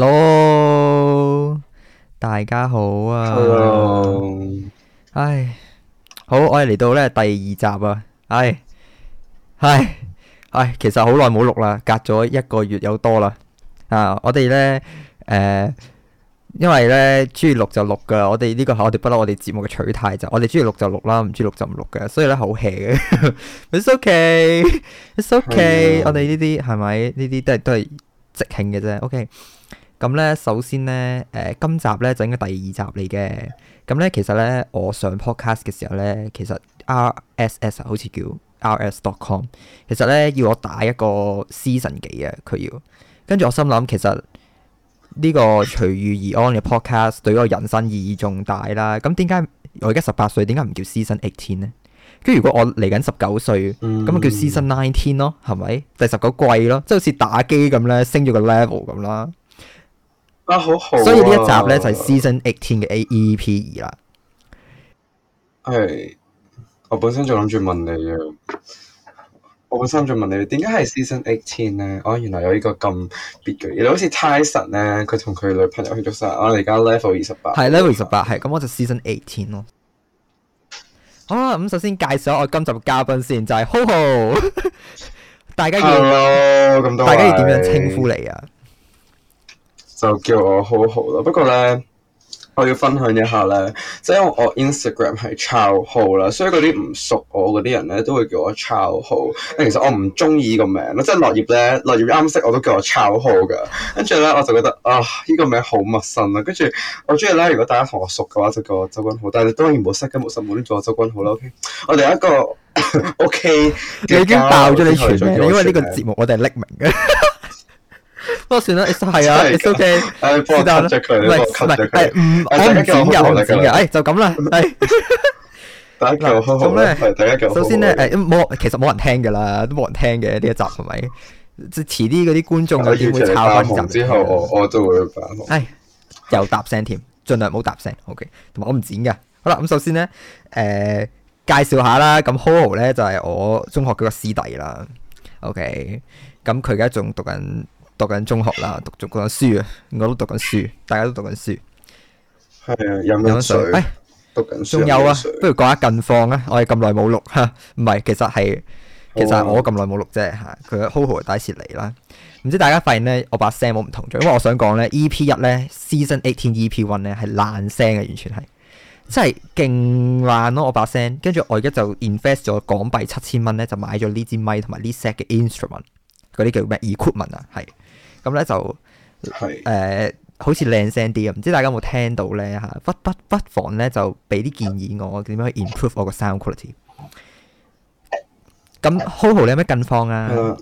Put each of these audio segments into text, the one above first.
hello，大家好啊。Hello，唉，好，我哋嚟到咧第二集啊。唉，唉唉，其實好耐冇錄啦，隔咗一個月有多啦啊。我哋咧誒，因為咧中意錄就錄噶。我哋呢個係我哋不嬲，我哋節目嘅取態就我哋中意錄就錄啦，唔中意錄就唔錄嘅。所以咧好 hea 嘅，it's okay，it's okay。我哋呢啲係咪呢啲都係都係即興嘅啫？OK。咁咧，首先咧，誒、呃，今集咧就應該第二集嚟嘅。咁咧，其實咧，我上 podcast 嘅時候咧，其實 R S S 好似叫 R S dot com。其實咧，要我打一個 season 幾啊？佢要跟住我心諗，其實呢個隨遇而安嘅 podcast 對個人生意義重大啦。咁點解我而家十八歲？點解唔叫 season eighteen 咧？跟住如果我嚟緊十九歲，咁啊叫 season nineteen 咯，係咪、嗯、第十九季咯？即係好似打機咁咧，升咗個 level 咁啦。啊好好啊，所以呢一集咧就係、是、Season Eighteen 嘅 AEP 二啦。係，我本身就諗住問你嘅，我本身就問你點解係 Season Eighteen 咧？哦，原來有個呢個咁別嘅嘢，你好似 Tyson 咧，佢同佢女朋友去咗晒，我哋而家 level 二十八。係 level 二十八，係咁 28,、啊、我就 Season Eighteen 咯。好、哦、啦，咁首先介紹我今集嘅嘉賓先，就係、是、Ho Ho， 大家要，Hello，大家要點樣稱呼你啊？Hello. 就叫我好好咯，不過咧，我要分享一下咧，即係因為我 Instagram 係抄號啦，所以嗰啲唔熟我嗰啲人咧都會叫我抄號，其實我唔中意呢個名咯，即係落葉咧，落葉啱識我都叫我抄號噶，跟住咧我就覺得啊呢、呃這個名好陌生啊，跟住我中意咧，如果大家同我熟嘅話就叫我周君豪。但係當然冇識嘅冇識冇啲叫我周君豪啦，O K，我哋一個 O、okay, K，構你已經爆咗你全，全名，你因為呢個節目我哋係匿名嘅。 不過算啦，係啊，O K，OK。唔係唔係，係唔我唔剪我唔剪嘅，哎就咁啦，係。咁咧，首先咧，誒，冇，其實冇人聽噶啦，都冇人聽嘅呢一集係咪？即係遲啲嗰啲觀眾又點會插翻呢集？之後我我都會反。哎，又搭聲添，盡量唔好搭聲，O K。同埋我唔剪噶，好啦，咁首先咧，誒，介紹下啦，咁 Hoho 咧就係我中學嗰個師弟啦，O K。咁佢而家仲讀緊。讀緊中學啦，讀讀緊書啊，我都讀緊書，大家都讀緊書。係，飲緊水。哎誒，讀緊書。仲有啊，不如講下近況啊。我哋咁耐冇錄吓，唔係，其實係，其實我咁耐冇錄啫吓。佢、啊、HoHo 第一次嚟啦，唔知大家發現咧，我把聲好唔同咗，因為我想講咧，EP 一咧，Season Eighteen EP One 咧係爛聲嘅，完全係，真係勁爛咯、啊。我把聲，跟住我而家就 invest 咗港幣七千蚊咧，就買咗呢支咪同埋呢 set 嘅 instrument，嗰啲叫咩 equipment 啊，係。咁咧就誒是、呃、好似靚聲啲咁，唔知大家有冇聽到咧嚇、啊？不不不妨咧就俾啲建議我點樣去 improve 我個 sound quality。咁好唔好你有咩近況啊？呃、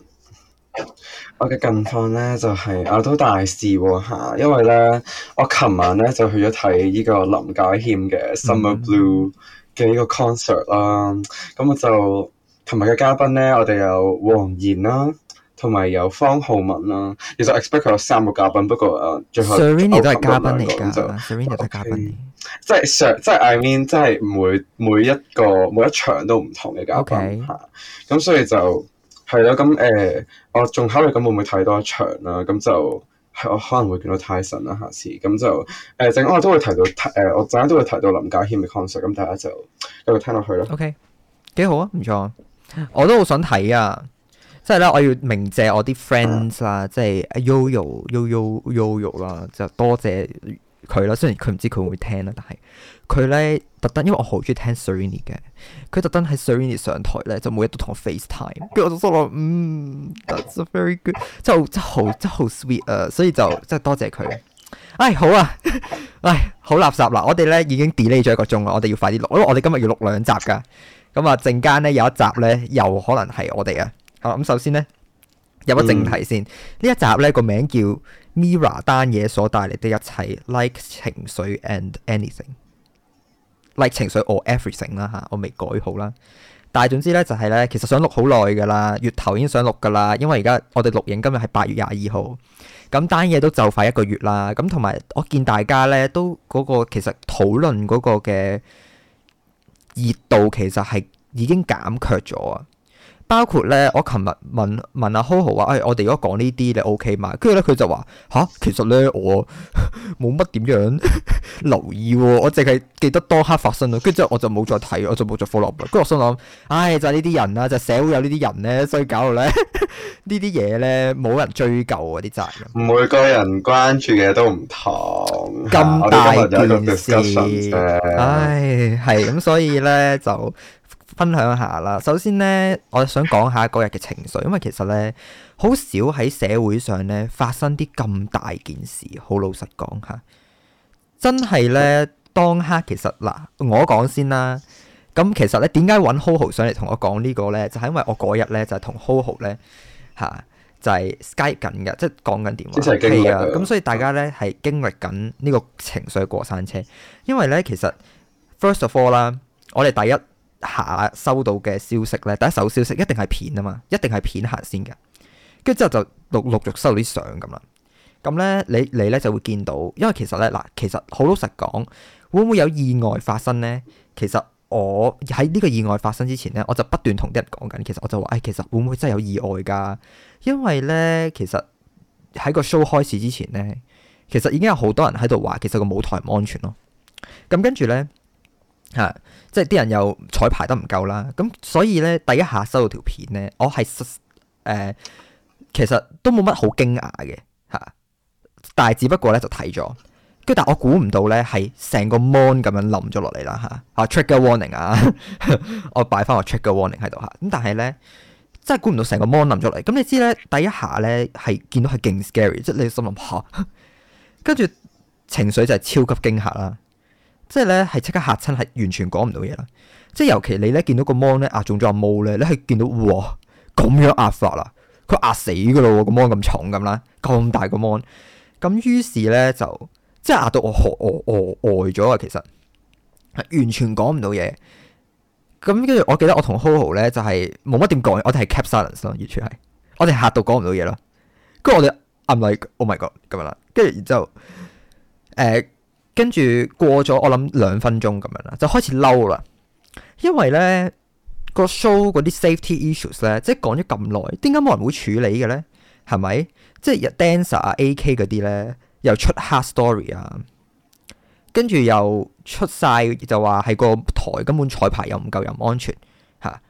我嘅近況咧就係、是、我都大事喎、啊、因為咧我琴晚咧就去咗睇呢個林家謙嘅 Summer Blue 嘅呢個 concert 啦。咁、嗯、我就琴日嘅嘉賓咧，我哋有黃妍啦。同埋有方浩文啦、啊，其實 expect 佢有三個嘉賓，不過誒，最後 s e 都係嘉賓嚟嘅就 s 都係嘉賓，即係即係 I mean 即係每每一個每一場都唔同嘅嘉賓嚇 Okay.，咁所以就係咯，咁誒、呃、我仲考慮緊會唔會睇多一場啦，咁就我可能會見到泰神啦下次，咁就誒，陣、呃、間我都會提到誒、呃，我陣間都會提到林家謙嘅 concert，咁大家就一路聽落去咯。O K，幾好啊，唔錯，我都好想睇啊。即係咧，我要鳴謝我啲 friends 啦，即係 Yoyo Yoyo Yoyo Yoyo 啦，就多謝佢啦。雖然佢唔知佢會唔會聽啦，但係佢咧特登，因為我好中意聽 Serrini 嘅，佢特登喺 Serrini 上台咧，就每日都同我 FaceTime。跟住我就心諗，嗯，That's very good，即係真好真好 sweet 啊，所以就即係多謝佢。唉，好啊，唉，好垃圾啦。我哋咧已經 delay 咗一個鐘啦，我哋要快啲錄，因為我哋今日要錄兩集噶。咁啊，陣間咧有一集咧又可能係我哋啊。好啦，咁、啊、首先咧，入個正題先。呢、嗯、一集咧個名叫《Mirror 單嘢所帶嚟的一切》，like 情緒 and anything，like 情緒 or everything 啦、啊、吓，我未改好啦。但係總之咧就係、是、咧，其實想錄好耐噶啦，月頭已經想錄噶啦，因為而家我哋錄影今日係八月廿二號，咁單嘢都就快一個月啦。咁同埋我見大家咧都嗰個其實討論嗰個嘅熱度其實係已經減卻咗啊。包括咧，我琴日問問阿 CoCo 話：誒，我哋如果講呢啲，你 OK 嘛？呢」跟住咧，佢就話：吓，其實咧，我冇乜點樣留意喎，我淨係記得當刻發生咯。跟住之後，我就冇再睇，我就冇再 follow 啦。跟住我心諗：唉，就係呢啲人啦，就係、社會有呢啲人咧，所以搞到咧呢啲嘢咧，冇人追究嗰啲責任。每個人關注嘅都唔同，咁大件事，唉、啊，係咁、啊，哎、所以咧 就。分享下啦。首先咧，我想講下嗰日嘅情緒，因為其實咧好少喺社會上咧發生啲咁大件事。好老實講吓，真係咧當刻其實嗱，我講先啦。咁其實咧點解揾 Ho Ho 上嚟同我講呢個咧，就係因為我嗰日咧就係同 Ho Ho 咧吓，啊，就係 Skype 緊嘅，即係講緊電話。OK 啊，咁所以大家咧係經歷緊呢個情緒過山車，因為咧其實 First of all 啦，我哋第一。下收到嘅消息咧，第一手消息一定係片啊嘛，一定係片行先嘅，跟住之後就陸陸續收到啲相咁啦。咁咧，你你咧就會見到，因為其實咧嗱，其實好老實講，會唔會有意外發生咧？其實我喺呢個意外發生之前咧，我就不斷同啲人講緊，其實我就話，誒、哎，其實會唔會真係有意外噶？因為咧，其實喺個 show 開始之前咧，其實已經有好多人喺度話，其實個舞台唔安全咯。咁跟住咧。吓、啊，即係啲人又彩排得唔夠啦，咁所以咧，第一下收到條片咧，我係誒、呃，其實都冇乜好驚訝嘅吓，但係只不過咧就睇咗，跟住但我估唔到咧係成個 mon 咁樣冧咗落嚟啦吓，啊 Trigger、啊、warning 啊， 我擺翻個 Trigger warning 喺度吓，咁、啊、但係咧真係估唔到成個 mon 冧咗嚟，咁你知咧第一下咧係見到係勁 scary，即係你心諗吓，跟、啊、住、啊、情緒就係超級驚嚇啦。即係咧，係即刻嚇親，係完全講唔到嘢啦。即係尤其你咧見到，壓 Mo，到壓壓個 mon 咧壓中咗阿 Mo 咧，你係見到哇咁樣壓法啦，佢壓死噶咯，個 mon 咁重咁啦，咁大個 mon。咁於是咧就即係壓到我害我我我呆咗啊！其實係完全講唔到嘢。咁跟住我記得我同 Ho Ho 咧就係冇乜點講嘢，我哋係 kept silence 咯，完全係我哋嚇到講唔到嘢咯。跟住我哋 I'm like oh my god 咁樣啦。跟住然之後誒。呃跟住過咗，我諗兩分鐘咁樣啦，就開始嬲啦。因為咧、咧個 show 嗰啲 safety issues 咧，即係講咗咁耐，點解冇人會處理嘅咧？係咪即係日 dancer 啊，AK 嗰啲咧，又出 hard story 啊，跟住又出晒，就話係個台根本彩排又唔夠又唔安全吓。啊、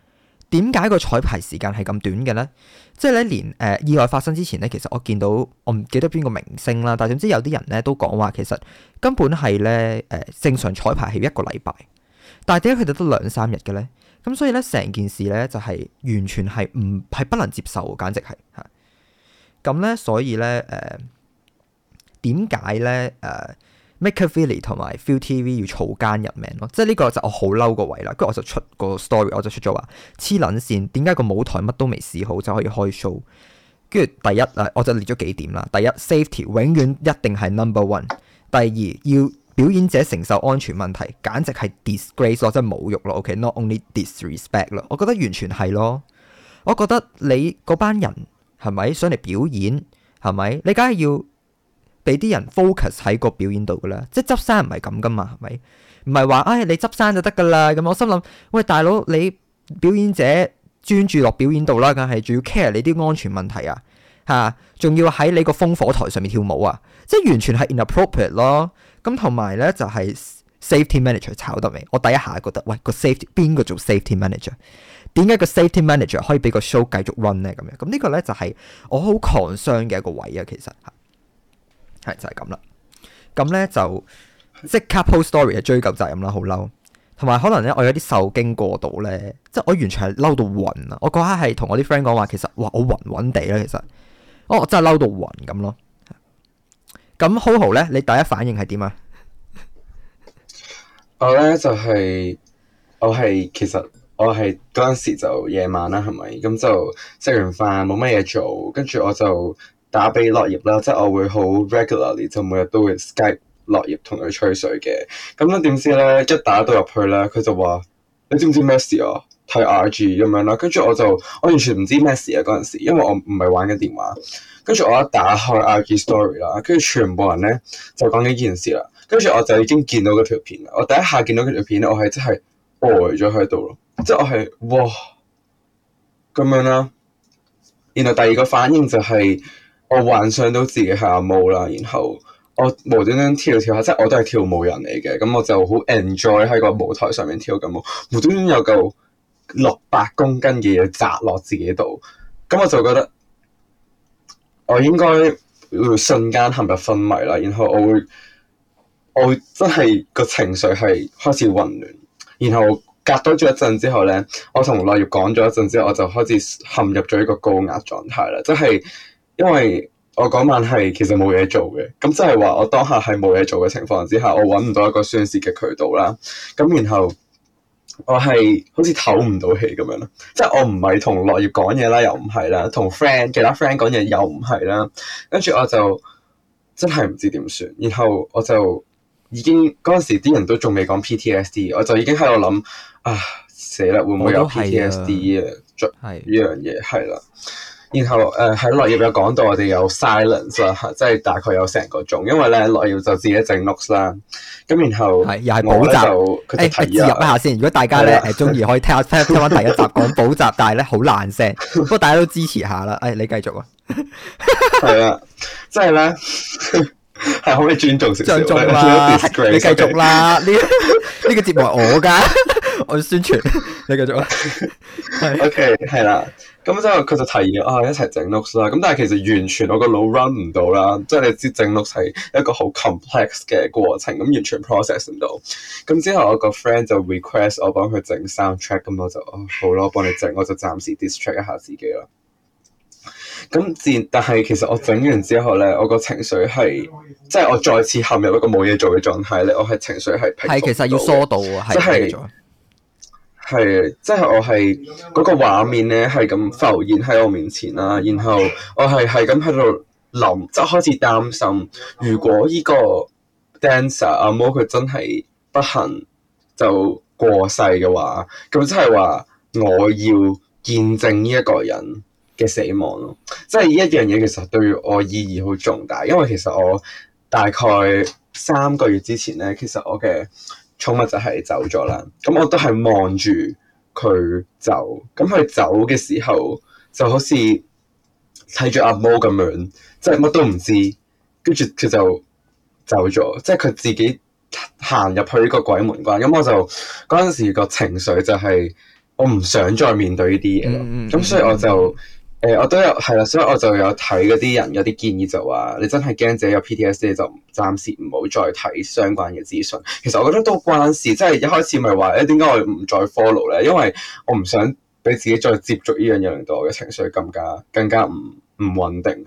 點解個彩排時間係咁短嘅咧？即係咧，連、呃、誒意外發生之前咧，其實我見到我唔記得邊個明星啦，但係總之有啲人咧都講話，其實根本係咧誒正常彩排係一個禮拜，但係點解佢哋得兩三日嘅咧？咁所以咧成件事咧就係、是、完全係唔係不能接受，簡直係嚇。咁、啊、咧，所以咧誒點解咧誒？呃 MakerVille 同埋 ViuTV 要草菅人命咯，即係呢個就我好嬲個位啦。跟住我就出個 story，我就出咗話黐撚線，點解個舞台乜都未試好就可以開 show？跟住第一啦，我就列咗幾點啦。第一，safety 永遠一定係 number one。第二，要表演者承受安全問題，簡直係 disgrace 咯，即係侮辱咯。OK，not、okay? only disrespect 啦，我覺得完全係咯。我覺得你嗰班人係咪想嚟表演係咪？你梗係要。俾啲人 focus 喺個表演度噶啦，即係執生唔係咁噶嘛，係咪？唔係話誒你執生就得噶啦咁。我心諗，喂大佬，你表演者專注落表演度啦，梗係仲要 care 你啲安全問題啊，吓，仲要喺你個烽火台上面跳舞啊，即係完全係 inappropriate 咯。咁同埋咧就係、是、safety manager 炒得未？我第一下覺得，喂個 safety 邊個做 safety manager？點解個 safety manager 可以俾個 show 繼續 run 咧？咁樣咁呢個咧就係、是、我好 concern 嘅一個位啊，其實。係就係咁啦，咁咧就即刻 post story 嘅，追究責任啦，好嬲，同埋可能咧我有啲受驚過度咧，即係我完全嬲到暈啊！我嗰刻係同我啲 friend 講話，其實哇、哦，我暈暈地咧，其實我真係嬲到暈咁咯。咁好 o h 咧，你第一反應係點啊？我咧就係、是、我係其實我係嗰陣時就夜晚啦，係咪？咁就食完飯冇乜嘢做，跟住我就。打俾樂葉啦，即係我會好 regularly 就每日都會 Skype 落葉同佢吹水嘅。咁咧點知咧，一打到入去咧，佢就話：你知唔知咩事啊？睇 IG 咁樣啦。跟住我就我完全唔知咩事啊嗰陣時，因為我唔係玩緊電話。跟住我一打開 IG story 啦，跟住全部人咧就講呢件事啦。跟住我就已經見到嗰條片啦。我第一下見到嗰條片咧，我係真係呆咗喺度咯，即係我係哇咁樣啦、啊。然後第二個反應就係、是、～我幻想到自己係阿毛啦，然後我無端端跳跳下，即係我都係跳舞人嚟嘅，咁我就好 enjoy 喺個舞台上面跳緊舞，無端端有嚿六百公斤嘅嘢砸落自己度，咁我就覺得我應該會瞬間陷入昏迷啦，然後我會我真係個情緒係開始混亂，然後隔多咗一陣之後呢，我同落葉講咗一陣之後，我就開始陷入咗一個高壓狀態啦，即係。因為我嗰晚係其實冇嘢做嘅，咁即係話我當下係冇嘢做嘅情況之下，我揾唔到一個宣泄嘅渠道啦。咁然後我係好似唞唔到氣咁樣咯，即係我唔係同樂業講嘢啦，又唔係啦，同 friend 其他 friend 講嘢又唔係啦，跟住我就真係唔知點算，然後我就已經嗰陣時啲人都仲未講 PTSD，我就已經喺度諗，啊，死啦，會唔會有 PTSD 啊？呢樣嘢係啦。是然後誒喺落葉有講到我哋有 silence 啦、啊，即係大概有成個鐘，因為咧落葉就自己整 notes 啦、啊。咁然後係又係補習誒，切、哎哎、入一下先。如果大家咧誒中意可以聽下 聽翻第一集講補習，但係咧好爛聲，不過大家都支持下啦。誒、哎、你繼續啊，係 啦、啊，即係咧係可以尊重少少啦。尊重啊、 你繼續，啊、續啦，呢 呢 個節目係我噶， 我宣傳傳。 你繼續啊 是，OK 係啦、啊。咁之後佢就提議啊，一齊整 look 啦。咁但係其實完全我個腦 run 唔到啦，即係你知整 look 係一個好 complex 嘅過程，咁完全 process 唔到。咁之後我個 friend 就 request 我幫佢整 soundtrack，咁我就啊，好咯，幫你整，我就暫時 distract 一下自己啦。咁然，但係其實我整完之後咧，我個情緒係即係我再次陷入一個冇嘢做嘅狀態咧，我係情緒係係其實要疏導啊，係。就是係，即係我係嗰個畫面咧，係咁 浮現喺我面前啦。然後我係係咁喺度諗，即係開始擔心，如果呢個 dancer 阿摩佢真係不幸就過世嘅話，咁即係話我要見證呢一個人嘅死亡咯。即係呢一樣嘢其實對我意義好重大，因為其實我大概三個月之前咧，其實我嘅寵物就係走咗啦，咁我都係望住佢走，咁佢走嘅時候就好似睇住阿毛咁樣，即係乜都唔知，跟住佢就走咗，即係佢自己行入去呢個鬼門關。咁我就嗰陣時個情緒就係我唔想再面對呢啲嘢，咁、嗯嗯嗯嗯、所以我就。誒、欸，我都有係啦，所以我就有睇嗰啲人有啲建議就話，你真係驚自己有 PTSD，你就暫時唔好再睇相關嘅資訊。其實我覺得都關事，即係一開始咪話咧，點解我唔再 follow 咧？因為我唔想俾自己再接觸呢樣嘢，令到我嘅情緒更加更加唔唔穩定，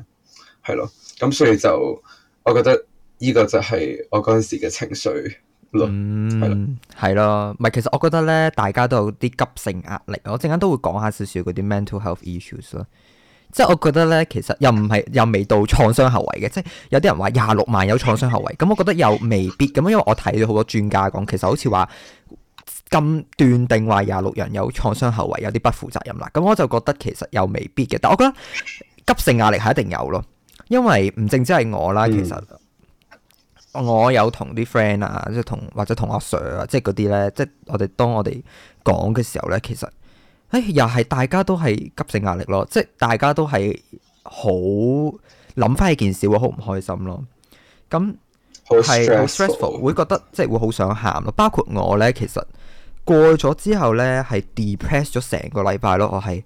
係咯。咁所以就我覺得呢個就係我嗰陣時嘅情緒。嗯，係咯的，唔係，其實我覺得咧，大家都有啲急性壓力，我陣間都會講下少少嗰啲 mental health issues 咯。即係我覺得咧，其實又唔係又未到創傷後遺嘅，即係有啲人話廿六萬有創傷後遺，咁我覺得又未必咁，因為我睇咗好多專家講，其實好似話咁斷定話廿六人有創傷後遺，有啲不負責任啦。咁我就覺得其實又未必嘅，但我覺得急性壓力係一定有咯，因為唔淨只係我啦，其實、嗯。我有同啲 friend 啊，即係同或者同阿 Sir 啊，即係嗰啲咧，即係我哋當我哋講嘅時候咧，其實，誒、哎，又係大家都係急性壓力咯，即係大家都係好諗翻一件事啊，會好唔開心咯，咁係好、啊、stressful，會覺得即係會好想喊咯。包括我咧，其實過咗之後咧，係 depressed 咗成個禮拜咯，我係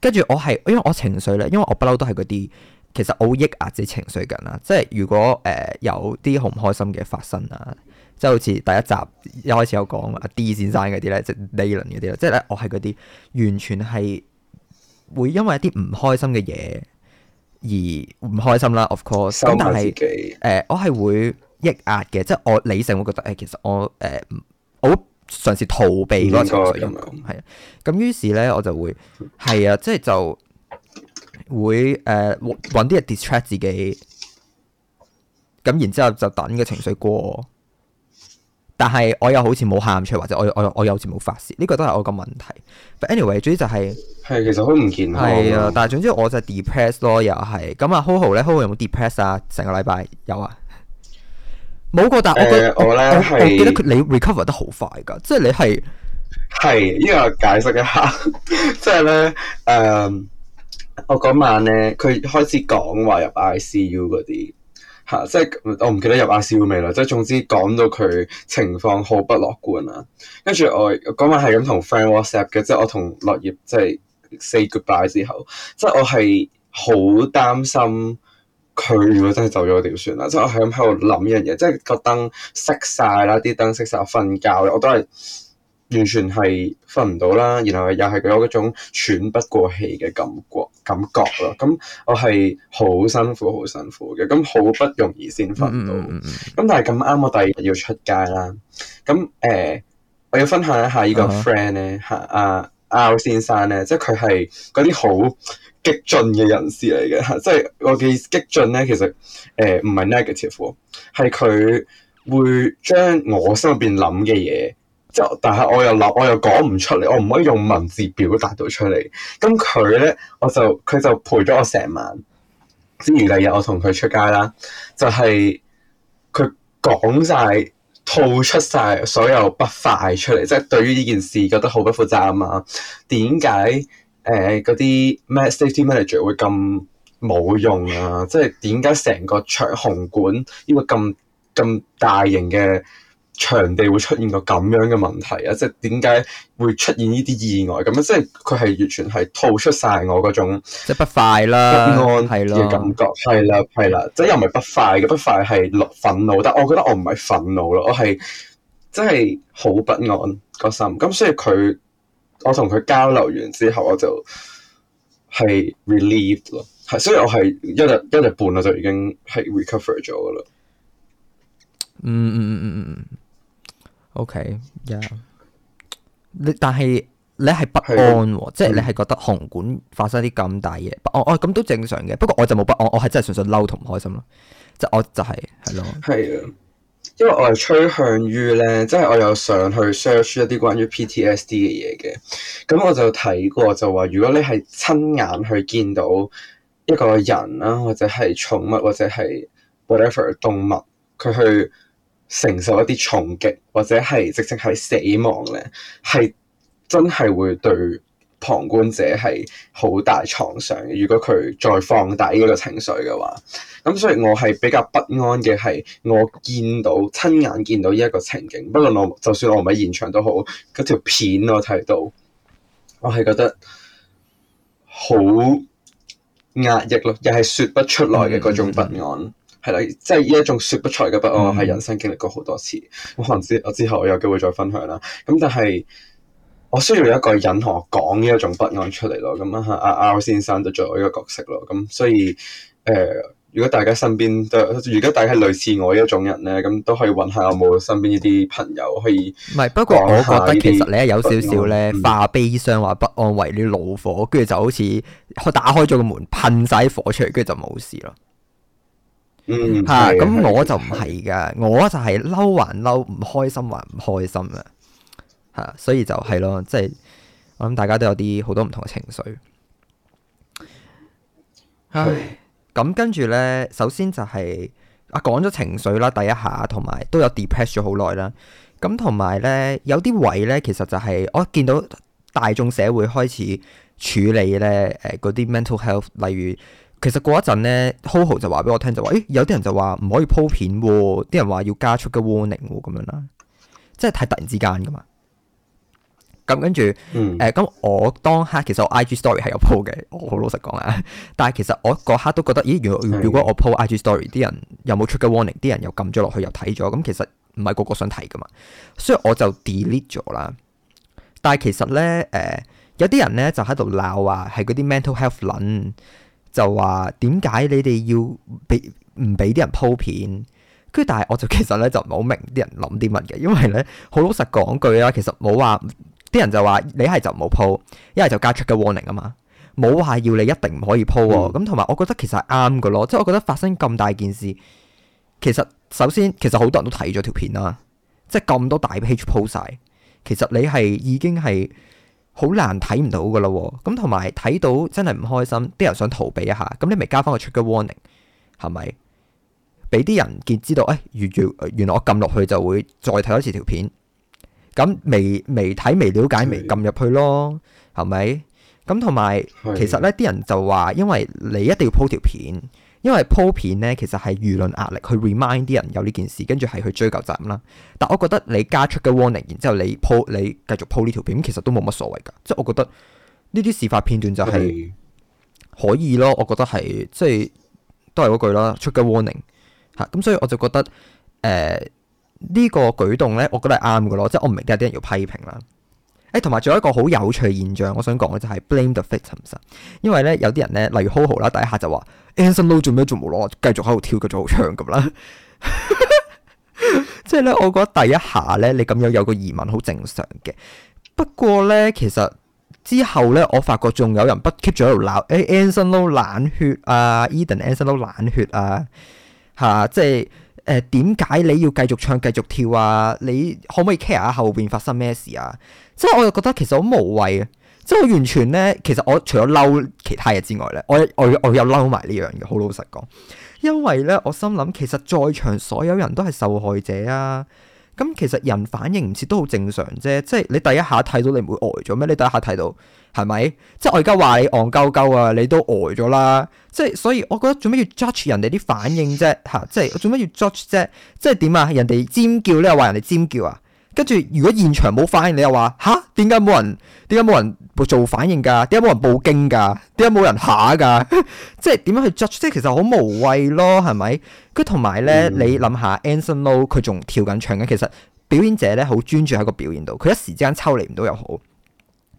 跟住我係，因為我情緒咧，因為我不嬲都係嗰啲。其實我好抑壓自己情緒緊啦，即係如果誒、呃、有啲好唔開心嘅發生啊，即係好似第一集一開始有講阿 D 先生嗰啲咧，即係第二輪嗰啲啦，即係咧我係嗰啲完全係會因為一啲唔開心嘅嘢而唔開心啦。Of course，咁但係誒、呃、我係會抑壓嘅，即係我理性會覺得誒、欸、其實我誒、呃、我嘗試逃避嘅情緒咯，係啊，咁於是咧我就會係啊，即係就。會誒，搵啲嘢 distract 自己，咁然之後就等嘅情緒過。但係我又好似冇喊出，或者我我我又好似冇發泄，呢、這個都係我個問題。But anyway，總之就係、是、係其實好唔健康。係啊，但係總之我就係 depressed 咯，又係咁、嗯、啊。Ho Ho 咧，Ho Ho 有冇 depressed 啊？成個禮拜有啊？冇個，但係我覺、呃、我咧、哦、我記是 得你 recover 得好快㗎，即、就、係、是、你係係呢個解釋一下，即係咧誒。呃我嗰晚咧，佢開始講話入 ICU 嗰啲吓，啊，即係我唔記得入 ICU 未啦，即係總之講到佢情況好不樂觀啦。跟住我嗰晚係咁同 friend WhatsApp 嘅，即係我同樂業即係 say goodbye 之後，即係我係好擔心佢如果真係走咗點算啦。即係我係咁喺度諗一樣嘢，即係個燈熄晒啦，啲燈熄晒，我瞓覺，我都係。完全係瞓唔到啦，然後又係有嗰種喘不過氣嘅感覺感覺咯，咁我係好辛苦好辛苦嘅，咁好不容易先瞓到，咁、嗯嗯嗯、但係咁啱我第二日要出街啦，咁誒、呃、我要分享一下個呢個 friend 咧吓阿 R 先生咧，即係佢係嗰啲好激進嘅人士嚟嘅，即係我嘅激進咧，其實誒唔、呃、係 negative，係佢會將我心入邊諗嘅嘢。但係我又諗，我又講唔出嚟，我唔可以用文字表達到出嚟。咁佢呢，我就佢就陪咗我成晚。之餘，第二日我同佢出街啦，就係、是、佢講晒、吐出晒所有不快出嚟，即、就、係、是、對於呢件事覺得好不負責啊嘛。點解誒嗰啲咩 Safety Manager 會咁冇用啊？即係點解成個紅館呢個咁咁大型嘅？場地會出現個咁樣嘅問題啊！即係點解會出現呢啲意外咁樣？即係佢係完全係吐出晒我嗰種即係不快啦、不安嘅感覺。係啦，係啦，即係又唔係不快嘅，不快係怒、憤怒。但我覺得我唔係憤怒咯，我係真係好不安個心。咁所以佢，我同佢交流完之後，我就係 relieved 咯。係，所以我係一日一日半啦，就已經係 recover 咗噶啦、嗯。嗯嗯嗯嗯嗯。OK，yeah 你，但係你係不安，哦，的即係你係覺得紅館發生啲咁大嘢，嗯哦，哦哦，咁、哦、都正常嘅。不過我就冇不安，我係真係純粹嬲同唔開心咯。即係我就係係咯。係啊，因為我係趨向於咧，即、就、係、是、我有上去 search 一啲關於 PTSD 嘅嘢嘅。咁我就睇過就話，如果你係親眼去見到一個人啊，或者係寵物，或者係 whatever 動物，佢去。承受一啲衝擊，或者係直情係死亡咧，係真係會對旁觀者係好大創傷嘅。如果佢再放大呢個情緒嘅話，咁所以我係比較不安嘅，係我見到，親眼見到呢一個情景。不過我就算我唔喺現場都好，嗰條片我睇到，我係覺得好壓抑咯，又係說不出來嘅嗰種不安。嗯。係啦， 嗯、即係呢一種說不出嚟嘅不安，係人生經歷過好多次。咁可能之我之後我有機會再分享啦。咁但係我需要有一個人同我講呢一種不安出嚟咯。咁啊阿阿歐先生就做咗呢個角色咯。咁所以誒、呃，如果大家身邊都，如果大家類似我呢一種人咧，咁都可以搵下有冇身邊呢啲朋友可以。唔係，不過我覺得其實你有少少咧，嗯、化悲傷或不安為你怒火，跟住就好似開打開咗個門，噴晒火出嚟，跟住就冇事咯。嗯，吓咁、 啊、我就唔係噶，我就係嬲還嬲，唔開心還唔開心啊，吓所以就係咯，即係我諗大家都有啲好多唔同嘅情緒。 唉，咁跟住咧，首先就係、是、啊講咗情緒啦，第一下，同埋都有 depress 咗好耐啦。咁同埋咧，有啲位咧，其實就係我見到大眾社會開始處理咧，誒嗰啲 mental health，例如。其實過一陣咧，Ho Ho 就話俾我聽，就話誒，有啲人就話唔可以鋪片、啊，啲人話要加出個 warning 咁、啊、樣啦，即係太突然之間噶嘛。咁跟住誒，咁、嗯呃、我當刻其實我 I G Story 係有鋪嘅，我、哦、好老實講啊。但係其實我嗰刻都覺得，咦，原如，如果我鋪 I G Story，啲人，有有 warning，人又冇出個 warning，啲人又撳咗落去又睇咗，咁其實唔係個個想睇噶嘛，所以我就 delete 咗啦。但係其實咧，誒、呃，有啲人咧就喺度鬧話係嗰啲 mental health 卵。就話點解你哋要俾唔俾啲人鋪片？跟住但係我就其實咧就唔係好明啲人諗啲乜嘅，因為咧好老實講句啦，其實冇話啲人就話你係就冇鋪，一係就加出嘅 warning 啊嘛，冇話要你一定唔可以鋪喎。咁同埋我覺得其實啱㗎囉，即係、嗯、我覺得發生咁大件事，其實首先其實好多人都睇咗條片啦，即係咁多大 page 鋪晒，其實你係已經係。好難睇唔到噶啦，咁同埋睇到真係唔開心，啲人想逃避一下，咁你咪加翻個 trigger warning，係咪？俾啲人見知道，誒，越越，原來我撳落去就會再睇一次條片，咁未未睇未了解未撳入去咯，係咪？咁同埋其實呢啲人就話，因為你一定要鋪條片。因為鋪片咧，其實係輿論壓力，去 remind 啲人有呢件事，跟住係去追究責任啦。但我覺得你加 trigger warning，然之後你鋪你繼續鋪呢條片，其實都冇乜所謂㗎。即係我覺得呢啲事發片段就係可以咯。我覺得係即係都係嗰句啦，trigger warning 吓。咁、嗯、所以我就覺得誒呢、呃呢個舉動咧，我覺得係啱嘅咯。即係我唔明點解啲人要批評啦。誒同埋仲有一個好有趣嘅現象，我想講嘅就係、是、blame the victim 因為咧有啲人咧，例如 Ho Ho、oh oh, 啦，第一下就話。Anson Lo 做咩做冇咯？繼續喺度跳，繼續喺度唱咁啦。即係咧，我覺得第一下咧，你咁樣有個疑問，好正常嘅。不過咧，其實之後咧，我發覺仲有人不 keep 住喺度鬧。誒、欸、Anson Lo 冷血啊，Eden Anson Lo 冷血啊。吓、啊，即係誒，點、就、解、是，呃、你要繼續唱、繼續跳啊？你可唔可以 care 下後邊發生咩事啊？即、就、係、是、我又覺得其實好無謂嘅。即係我完全咧，其實我除咗嬲其他嘢之外咧，我我我又嬲埋呢樣嘢。好老實講。因為咧，我心諗其實在場所有人都係受害者啊。咁其實人反應唔切都好正常啫。即係你第一下睇到你唔會呆咗咩？你第一下睇到係咪？即係我而家話你戇鳩鳩啊，你都呆咗啦。即係所以我覺得做咩要 judge 人哋啲反應啫？吓，即係做咩要 judge 啫？即係點啊？人哋尖叫咧，你又話人哋尖叫啊！跟住，如果現場冇反應，你又話吓？點解冇人？點解冇人做反應㗎？點解冇人報警㗎？點解冇人嚇㗎？ 即係點樣去 judge？即係其實好無畏無謂咯，係咪？佢同埋咧，嗯、你諗下，Anson Lo 佢仲跳緊唱嘅，其實表演者咧好專注喺個表演度。佢一時之間抽離唔到又好，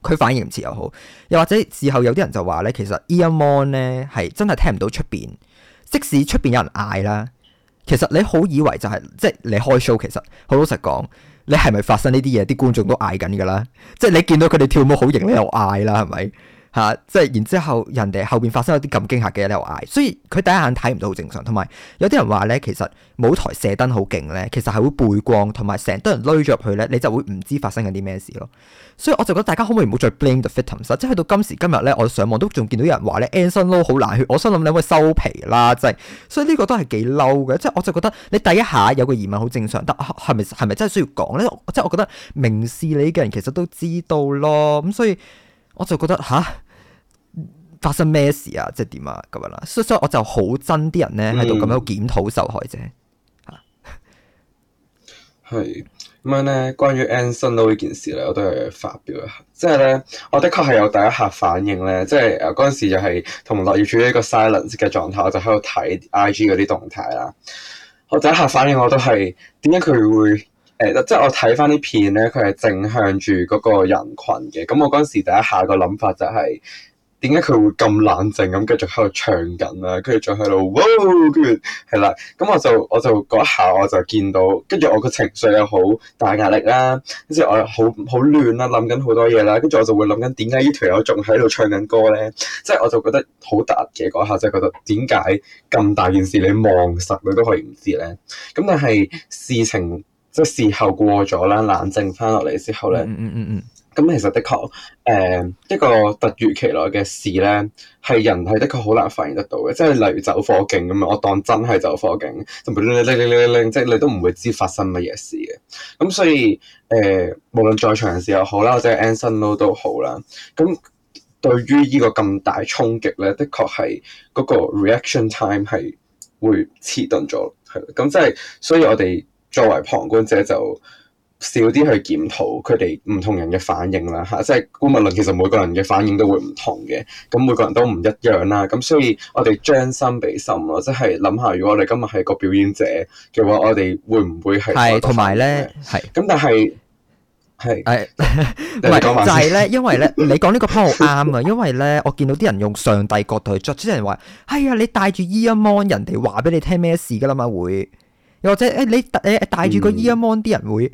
佢反應唔切又好。又或者事後有啲人就話咧，其實 earmon 咧係真係聽唔到出邊，即使出邊有人嗌啦。其實你好以為就係、是、即係你開 show，其實好老實講。你係咪發生呢啲嘢？啲觀眾都嗌緊㗎啦，即係你見到佢哋跳舞好型，你又嗌啦，係咪？嚇！即係然之後，人哋後邊發生有啲咁驚嚇嘅嘢喺度嗌，所以佢第一眼睇唔到好正常。同埋有啲人話咧，其實舞台射燈好勁咧，其實係會背光，同埋成堆人冧咗入去咧，你就會唔知發生緊啲咩事咯。所以我就覺得大家可唔可以唔好再 blame the victims？即係去到今時今日咧，我上網都仲見到有人話咧 Anson Lo 好冷血。我心諗你可，可以收皮啦？即係所以呢個都係幾嬲嘅。即係我就覺得你第一下有個疑問好正常，得係咪係咪真係需要講咧？即係我覺得明事理嘅人其實都知道咯。咁所以我就覺得嚇。啊發生咩事啊？即係點啊？咁樣啦，啊，所所以我就好憎啲人咧，喺度咁樣檢討受害者吓係咁樣咧。關於 Anson Lo 呢件事咧，我都係發表一下。即係咧，我的確係有第一下反應咧，即係誒嗰陣時就係同黎耀柱一個 silence 嘅狀態，我就喺度睇 IG 嗰啲動態啦。我第一下反應我都係點解佢會誒？即、欸、係、就是，我睇翻啲片咧，佢係正向住嗰個人群嘅。咁我嗰陣時第一下個諗法就係、是。點解佢會咁冷靜咁繼續喺度唱緊啊？跟住仲喺度，跟住係啦。咁我就我就嗰一下我就見到，跟住我個情緒又好大壓力啦。跟住我好好亂啦，諗緊好多嘢啦。跟住我就會諗緊點解呢條友仲喺度唱緊歌咧？即係我就覺得好突嘅嗰下，即係覺得點解咁大件事你望實你都可以唔知咧？咁但係事情即係事後過咗啦，冷靜翻落嚟之後咧。嗯，嗯嗯嗯。咁、嗯、其實的確，誒、呃、一個突如其來嘅事咧，係人係的確好難反應得到嘅，即係例如走火警咁啊。我當真係走火警，即係你都唔會知發生乜嘢事嘅。咁、嗯、所以誒、呃，無論在場人士又好啦，或者 Anson Lo 都好啦。咁、嗯、對於呢個咁大衝擊咧，的確係嗰個 reaction time 係會遲鈍咗，係咁、嗯、即係，所以我哋作為旁觀者就，少啲去檢討佢哋唔同人嘅反應啦，嚇，即係姑勿論。其實每個人嘅反應都會唔同嘅，咁每個人都唔一樣啦。咁所以我哋將心比心咯，即係諗下，如果我哋今日係個表演者嘅話我會會，我哋會唔會係？係，同埋咧，係咁是，但係係誒唔係就係、是、咧？因為咧，你講呢個 point 好啱啊。因為咧，我見到啲人用上帝角度去捉，啲、就是、人話係、哎、呀，你戴住 earmon 人哋話俾你聽咩事噶啦嘛？會又或者誒、哎，你誒戴住、嗯、個 earmon 啲人，家人家會。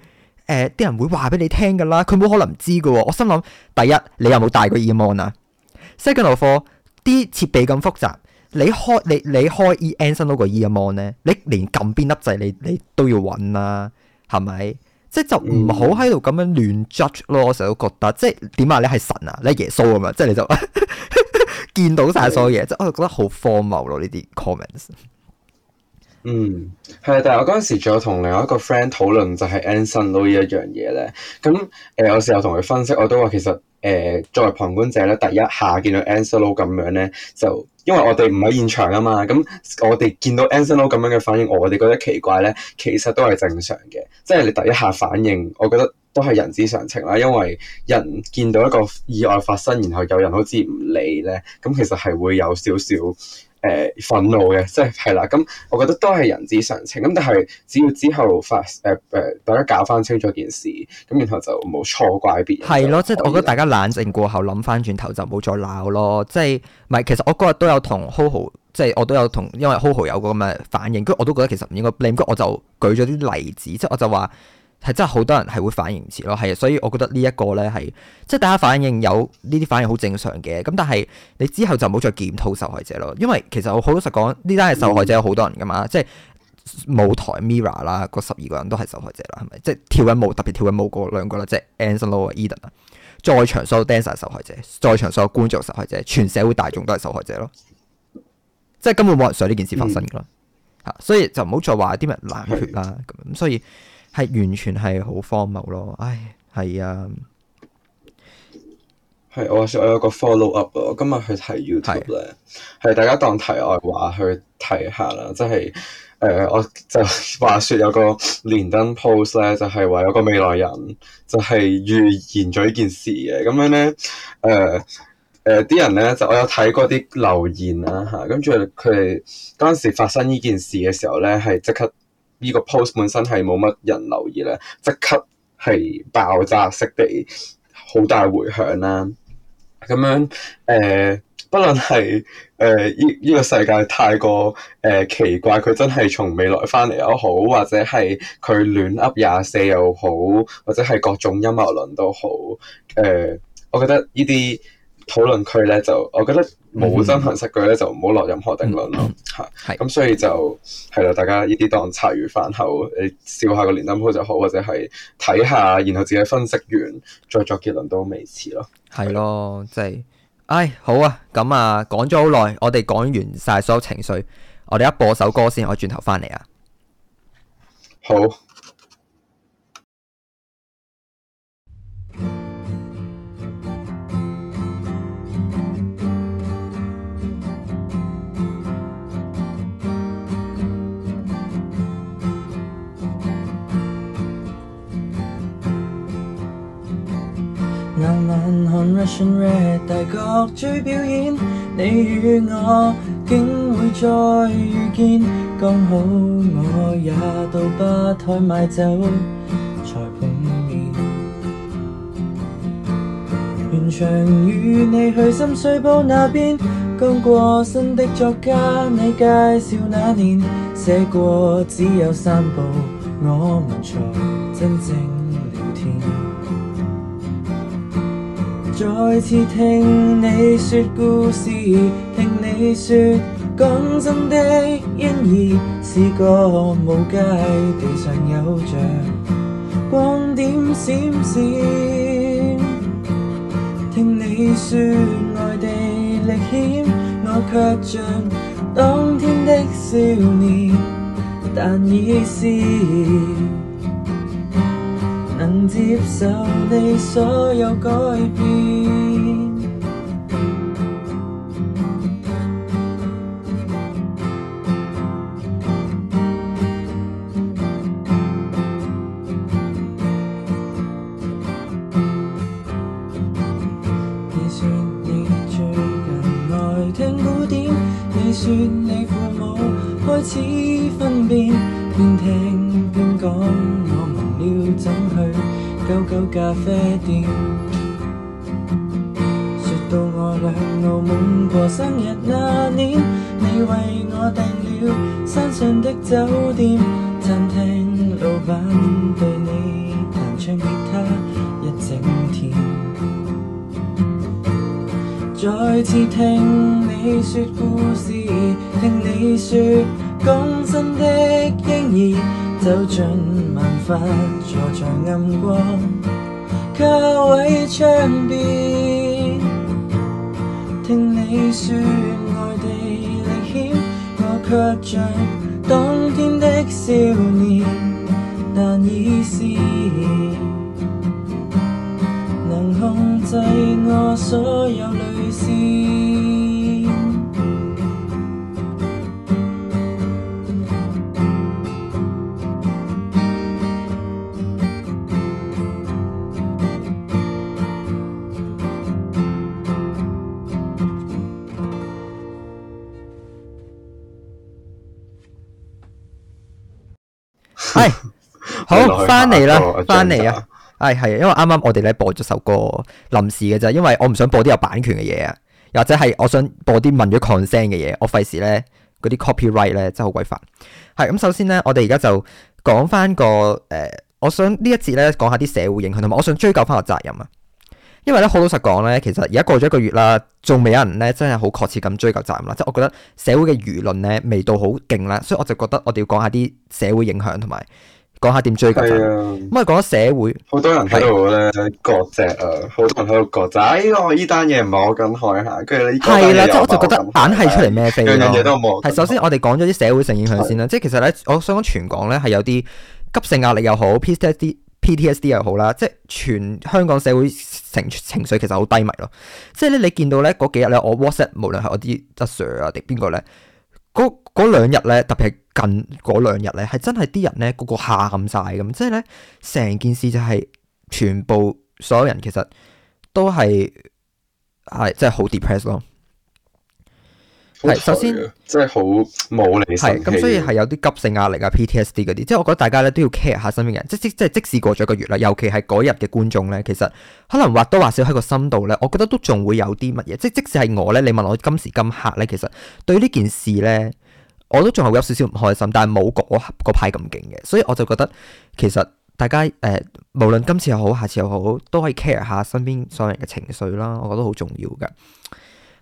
誒，啲、呃、人會話俾你聽噶啦，佢冇可能唔知噶。我心諗，第一你有冇帶過 E-mon 啊？西頸羅貨啲設備咁複雜，你開你你開 E N 新多個 E-mon 呢？你連撳邊粒掣，你你都要搵啦，係咪？即係就唔好喺度咁樣亂 judge 咯。我成日都覺得，即係點啊？你係神啊？你係耶穌啊嘛？即係你就 見到晒所有嘢，即係我係覺得好荒謬咯。呢啲 comments。嗯，係啊，但係我嗰陣時仲有同另外一個 friend 討論就係、是、Anson Lo 呢一樣嘢咧。咁誒，呃、有時候同佢分析，我都話其實誒、呃，作為旁觀者咧，第一下見到 Anson Lo 咁樣咧，就因為我哋唔喺現場啊嘛。咁我哋見到 Anson Lo 咁樣嘅反應，我哋覺得奇怪咧，其實都係正常嘅。即係你第一下反應，我覺得都係人之常情啦。因為人見到一個意外發生，然後有人好似唔理咧，咁其實係會有少少。誒，憤怒嘅，即係係啦，咁我覺得都係人之常情，咁但係只要之後發，誒、呃、誒、呃，大家搞翻清楚件事，咁然後就冇錯怪別人。係咯，即係我覺得大家冷靜過後諗翻轉頭就冇再鬧咯，即係唔係。其實我嗰日都有同 Ho Ho，即係我都有同，因為 Ho Ho 有個咁嘅反應，跟住我都覺得其實唔應該。另外我就舉咗啲例子，即係我就話。係真係好多人係會反應遲咯，係啊，所以我覺得呢一個咧係，即係大家反應有呢啲反應好正常嘅，咁但係你之後就唔好再檢討受害者咯，因為其實我好老實講，呢單係受害者有好多人噶嘛，即係舞台 Mirror 啦，個十二個人都係受害者啦，係咪？即係跳緊舞，特別跳緊舞嗰兩個啦，即係 Anson Lo、Eden 在場所有 dancer 受害者，在場所有觀眾受害者，全社會大眾都係受害者咯，即係根本冇人想呢件事發生噶啦，嗯、啦，所以就唔好再話啲人冷血啦，咁，所以。係完全係好荒謬咯！唉，係啊，係我話説我有個 follow up 咯，今日去睇 YouTube 咧，係大家當題外話去睇下啦，即係誒、呃，我就話説有個連登 post 咧，就係話有個未來人就係、是、預言咗呢件事嘅，咁樣咧，誒誒啲人咧就我有睇過啲留言啦吓，跟住佢哋當時發生呢件事嘅時候咧，係即刻。呢個 post 本身係冇乜人留意咧，即刻係爆炸式地好大回響啦。咁樣誒、呃，不論係誒呢呢個世界太過誒、呃、奇怪，佢真係從未來翻嚟又好，或者係佢亂噏廿四又好，或者係各種陰謀論都好。誒、呃，我覺得呢啲。討論區咧就，我覺得冇真憑實據咧就唔好落任何定論咯，吓、嗯，咁係所以就係啦，大家呢啲當茶餘飯後，你笑下個連登鋪就好，或者係睇下，然後自己分析完再作結論都未遲咯。係咯，即係、就是，唉，好啊，咁啊，講咗好耐，我哋講完晒所有情緒，我哋一播一首歌先，我轉頭翻嚟啊。好。Red，大角咀表演，你與我竟會再遇見，剛好我也到吧台買酒才碰面。完場與你去深水埗那邊，剛過新的作家你介紹那年，寫過只有三部，我們才真正。再次聽你説故事，聽你説講真的，因而是個舞街，地上有着光點閃閃。聽你説外地歷險，我卻像當天的少年，但已是。接受你所有改變。你說 你最近愛聽古典，你說你父母開始分辨，邊聽邊講。九九咖啡店，說到我倆澳門過生日那年，你為我訂了山上的酒店，餐廳老闆對你彈唱吉他一整天，再次聽你說故事，聽你說剛生的嬰兒。走盡萬法，坐著暗光，卡位窗邊。聽你説愛地歷險，我卻像當天的少年，但已是，能控制我所有淚腺。好，翻嚟啦，翻嚟啊！係係了、哎，因為啱啱我哋咧播咗首歌，臨時嘅啫，因為我唔想播啲有版權嘅嘢啊，或者係我想播啲問咗 consent 嘅嘢，我費事咧嗰啲 copyright 咧真係好鬼煩。係咁，首先咧，我哋而家就講翻個誒、呃，我想呢一節咧講下啲社會影響同埋，我想追究翻個責任啊。因為咧好老實講咧，其實而家過咗一個月啦，仲未有人咧真係好確切咁追究責任啦。即係我覺得社會嘅輿論咧未到好勁啦，所以我就覺得我哋要講下啲社會影響同埋。講下點追究？咁啊，講社會，好多人喺度咧，割隻啊，好多人喺度割仔。我呢單嘢，唔係我咁開下，跟住你。係啦、啊，即係我就覺得硬係出嚟咩飛咯。樣嘢都冇。係，首先我哋講咗啲社會性影響先啦。啊、即係其實咧，我想講全港咧係有啲急性壓力又好，P T S D、P T S D 又好啦。即係全香港社會情情緒其實好低迷咯。即係咧，你見到咧嗰幾日咧，我 WhatsApp 無論係我啲特 Sir 啊定邊個咧。嗰兩日咧，特別係近嗰兩日咧，係真係啲人咧個個喊晒。咁，即係咧成件事就係全部所有人其實都係係即係好 depressed 咯。係，首先真係好冇理。係，咁所以係有啲急性壓力啊，PTSD 嗰啲。即係我覺得大家咧都要 care 下身邊人。即即即係即使過咗一個月啦，尤其係嗰日嘅觀眾咧，其實可能或多或少喺個心度咧，我覺得都仲會有啲乜嘢。即即使係我咧，你問我今時今刻咧，其實對呢件事咧，我都仲係會有少少唔開心，但係冇局我個牌咁勁嘅。所以我就覺得，其實大家誒、呃，無論今次又好，下次又好，都可以 care 下身邊所有人嘅情緒啦。我覺得好重要㗎。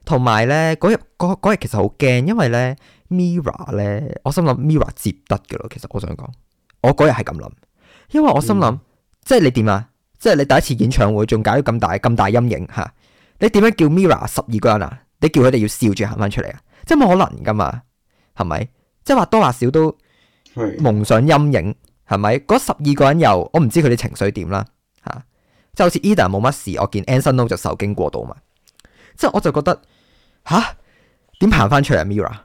同埋咧，嗰日嗰日其實好驚，因為咧 Mirror 咧，我心諗 Mirror 接得嘅咯。其實我想講，我嗰日係咁諗，因為我心諗，嗯、即係你點啊？即係你第一次演唱會，仲搞到咁大咁大陰影嚇、啊，你點樣叫 Mirror 十二個人啊？你叫佢哋要笑住行翻出嚟、嗯、啊？即係冇可能噶嘛，係咪？即係話多話少都蒙上陰影，係咪？嗰十二個人又我唔知佢哋情緒點啦嚇，即係好似 Eda 冇乜事，我見 Anson 就受驚過度嘛，即係我就覺得。吓？點行翻出嚟、啊、Mirror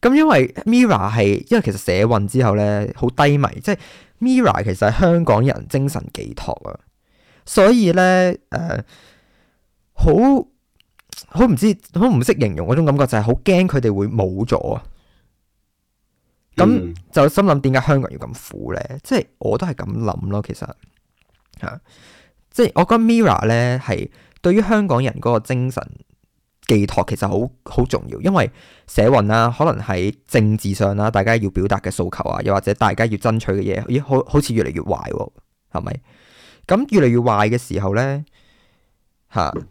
咁因為 Mirror 係因為其實社運之後咧好低迷，即係 Mirror 其實係香港人精神寄託啊，所以咧誒，好好唔知好唔識形容嗰種感覺就係好驚佢哋會冇咗。啊、嗯。咁就心諗點解香港人要咁苦咧？即係我都係咁諗咯，其實吓、啊，即係我覺得 Mirror 咧係對於香港人嗰個精神。寄託其實好好重要，因為社運啦，可能喺政治上啦，大家要表達嘅訴求啊，又或者大家要爭取嘅嘢，咦，好好似越嚟越壞、哦，係咪？咁越嚟越壞嘅時候呢？吓、啊就是啊，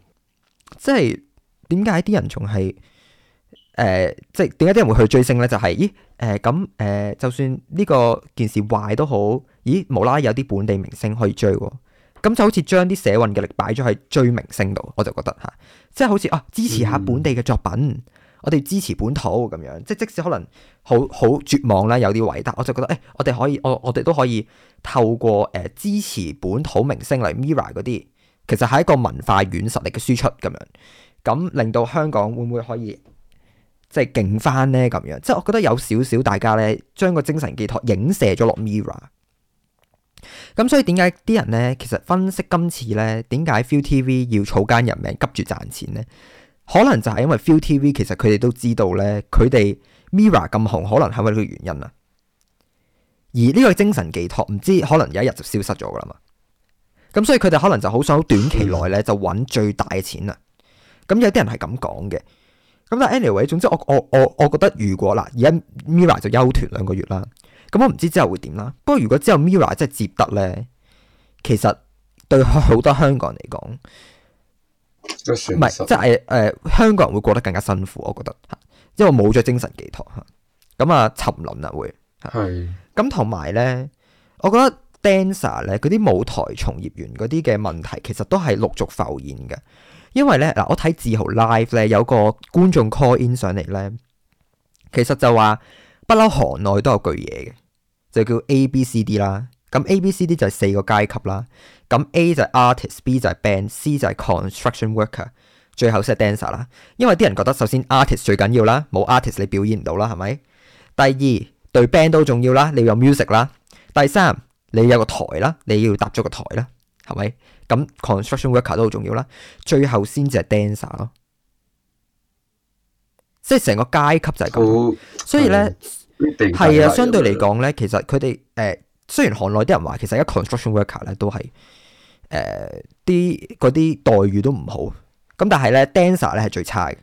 即係點解啲人仲係誒，即係點解啲人會去追星呢？就係、是、咦，誒、啊，咁、啊、誒，就算呢個件事壞都好，咦，無啦啦有啲本地明星可以追、哦，咁就好似將啲社運嘅力擺咗喺追明星度，我就覺得吓。啊即係好似啊，支持下本地嘅作品，嗯、我哋支持本土咁樣。即係即使可能好好絕望啦，有啲偉大，我就覺得誒、欸，我哋可以，我我哋都可以透過誒、呃、支持本土明星例如 Mirror 嗰啲，其實係一個文化軟實力嘅輸出咁樣，咁令到香港會唔會可以即係勁翻呢咁樣，即係我覺得有少少大家咧，將個精神寄託影射咗落 Mirror。咁所以點解啲人咧，其實分析今次咧，點解 ViuTV 要草菅人命，急住賺錢咧？可能就係因為 ViuTV 其實佢哋都知道咧，佢哋 Mirror 咁紅，可能係咪呢個原因啊？而呢個精神寄託，唔知可能有一日就消失咗噶啦嘛。咁所以佢哋可能就好想好短期內咧就搵最大嘅錢啦。咁有啲人係咁講嘅。咁但 anyway，總之我我我我覺得，如果嗱而家 Mirror 就休團兩個月啦。咁我唔知之後會點啦。不過如果之後 Mirror 即係接得咧，其實對好多香港人嚟講，唔係即係誒香港人會過得更加辛苦，我覺得，因為冇咗精神寄託。嚇。咁啊，沉淪啊會，係。咁同埋咧，我覺得 dancer 咧，嗰啲舞台從業員嗰啲嘅問題，其實都係陸續浮現嘅。因為咧嗱，我睇自豪 live 咧，有個觀眾 call in 上嚟咧，其實就話。不嬲行內都有句嘢嘅，就叫 A、B、C、D 啦。咁 A、B、C、D 就係四個階級啦。咁 A 就係 artist，B 就係 band，C 就係 construction worker，最後先係 dancer 啦。因為啲人覺得首先 artist 最緊要啦，冇 artist 你表演唔到啦，係咪？第二對 band 都重要啦，你要有 music 啦。第三你有個台啦，你要搭咗個台啦，係咪？咁 construction worker 都好重要啦，最後先至係 dancer 咯。即係成個階級就係咁，哦、所以咧係啊，相對嚟講咧，其實佢哋誒雖然行內啲人話，其實而家 construction worker 咧都係誒啲嗰啲待遇都唔好，咁但係咧 dancer 咧係最差嘅。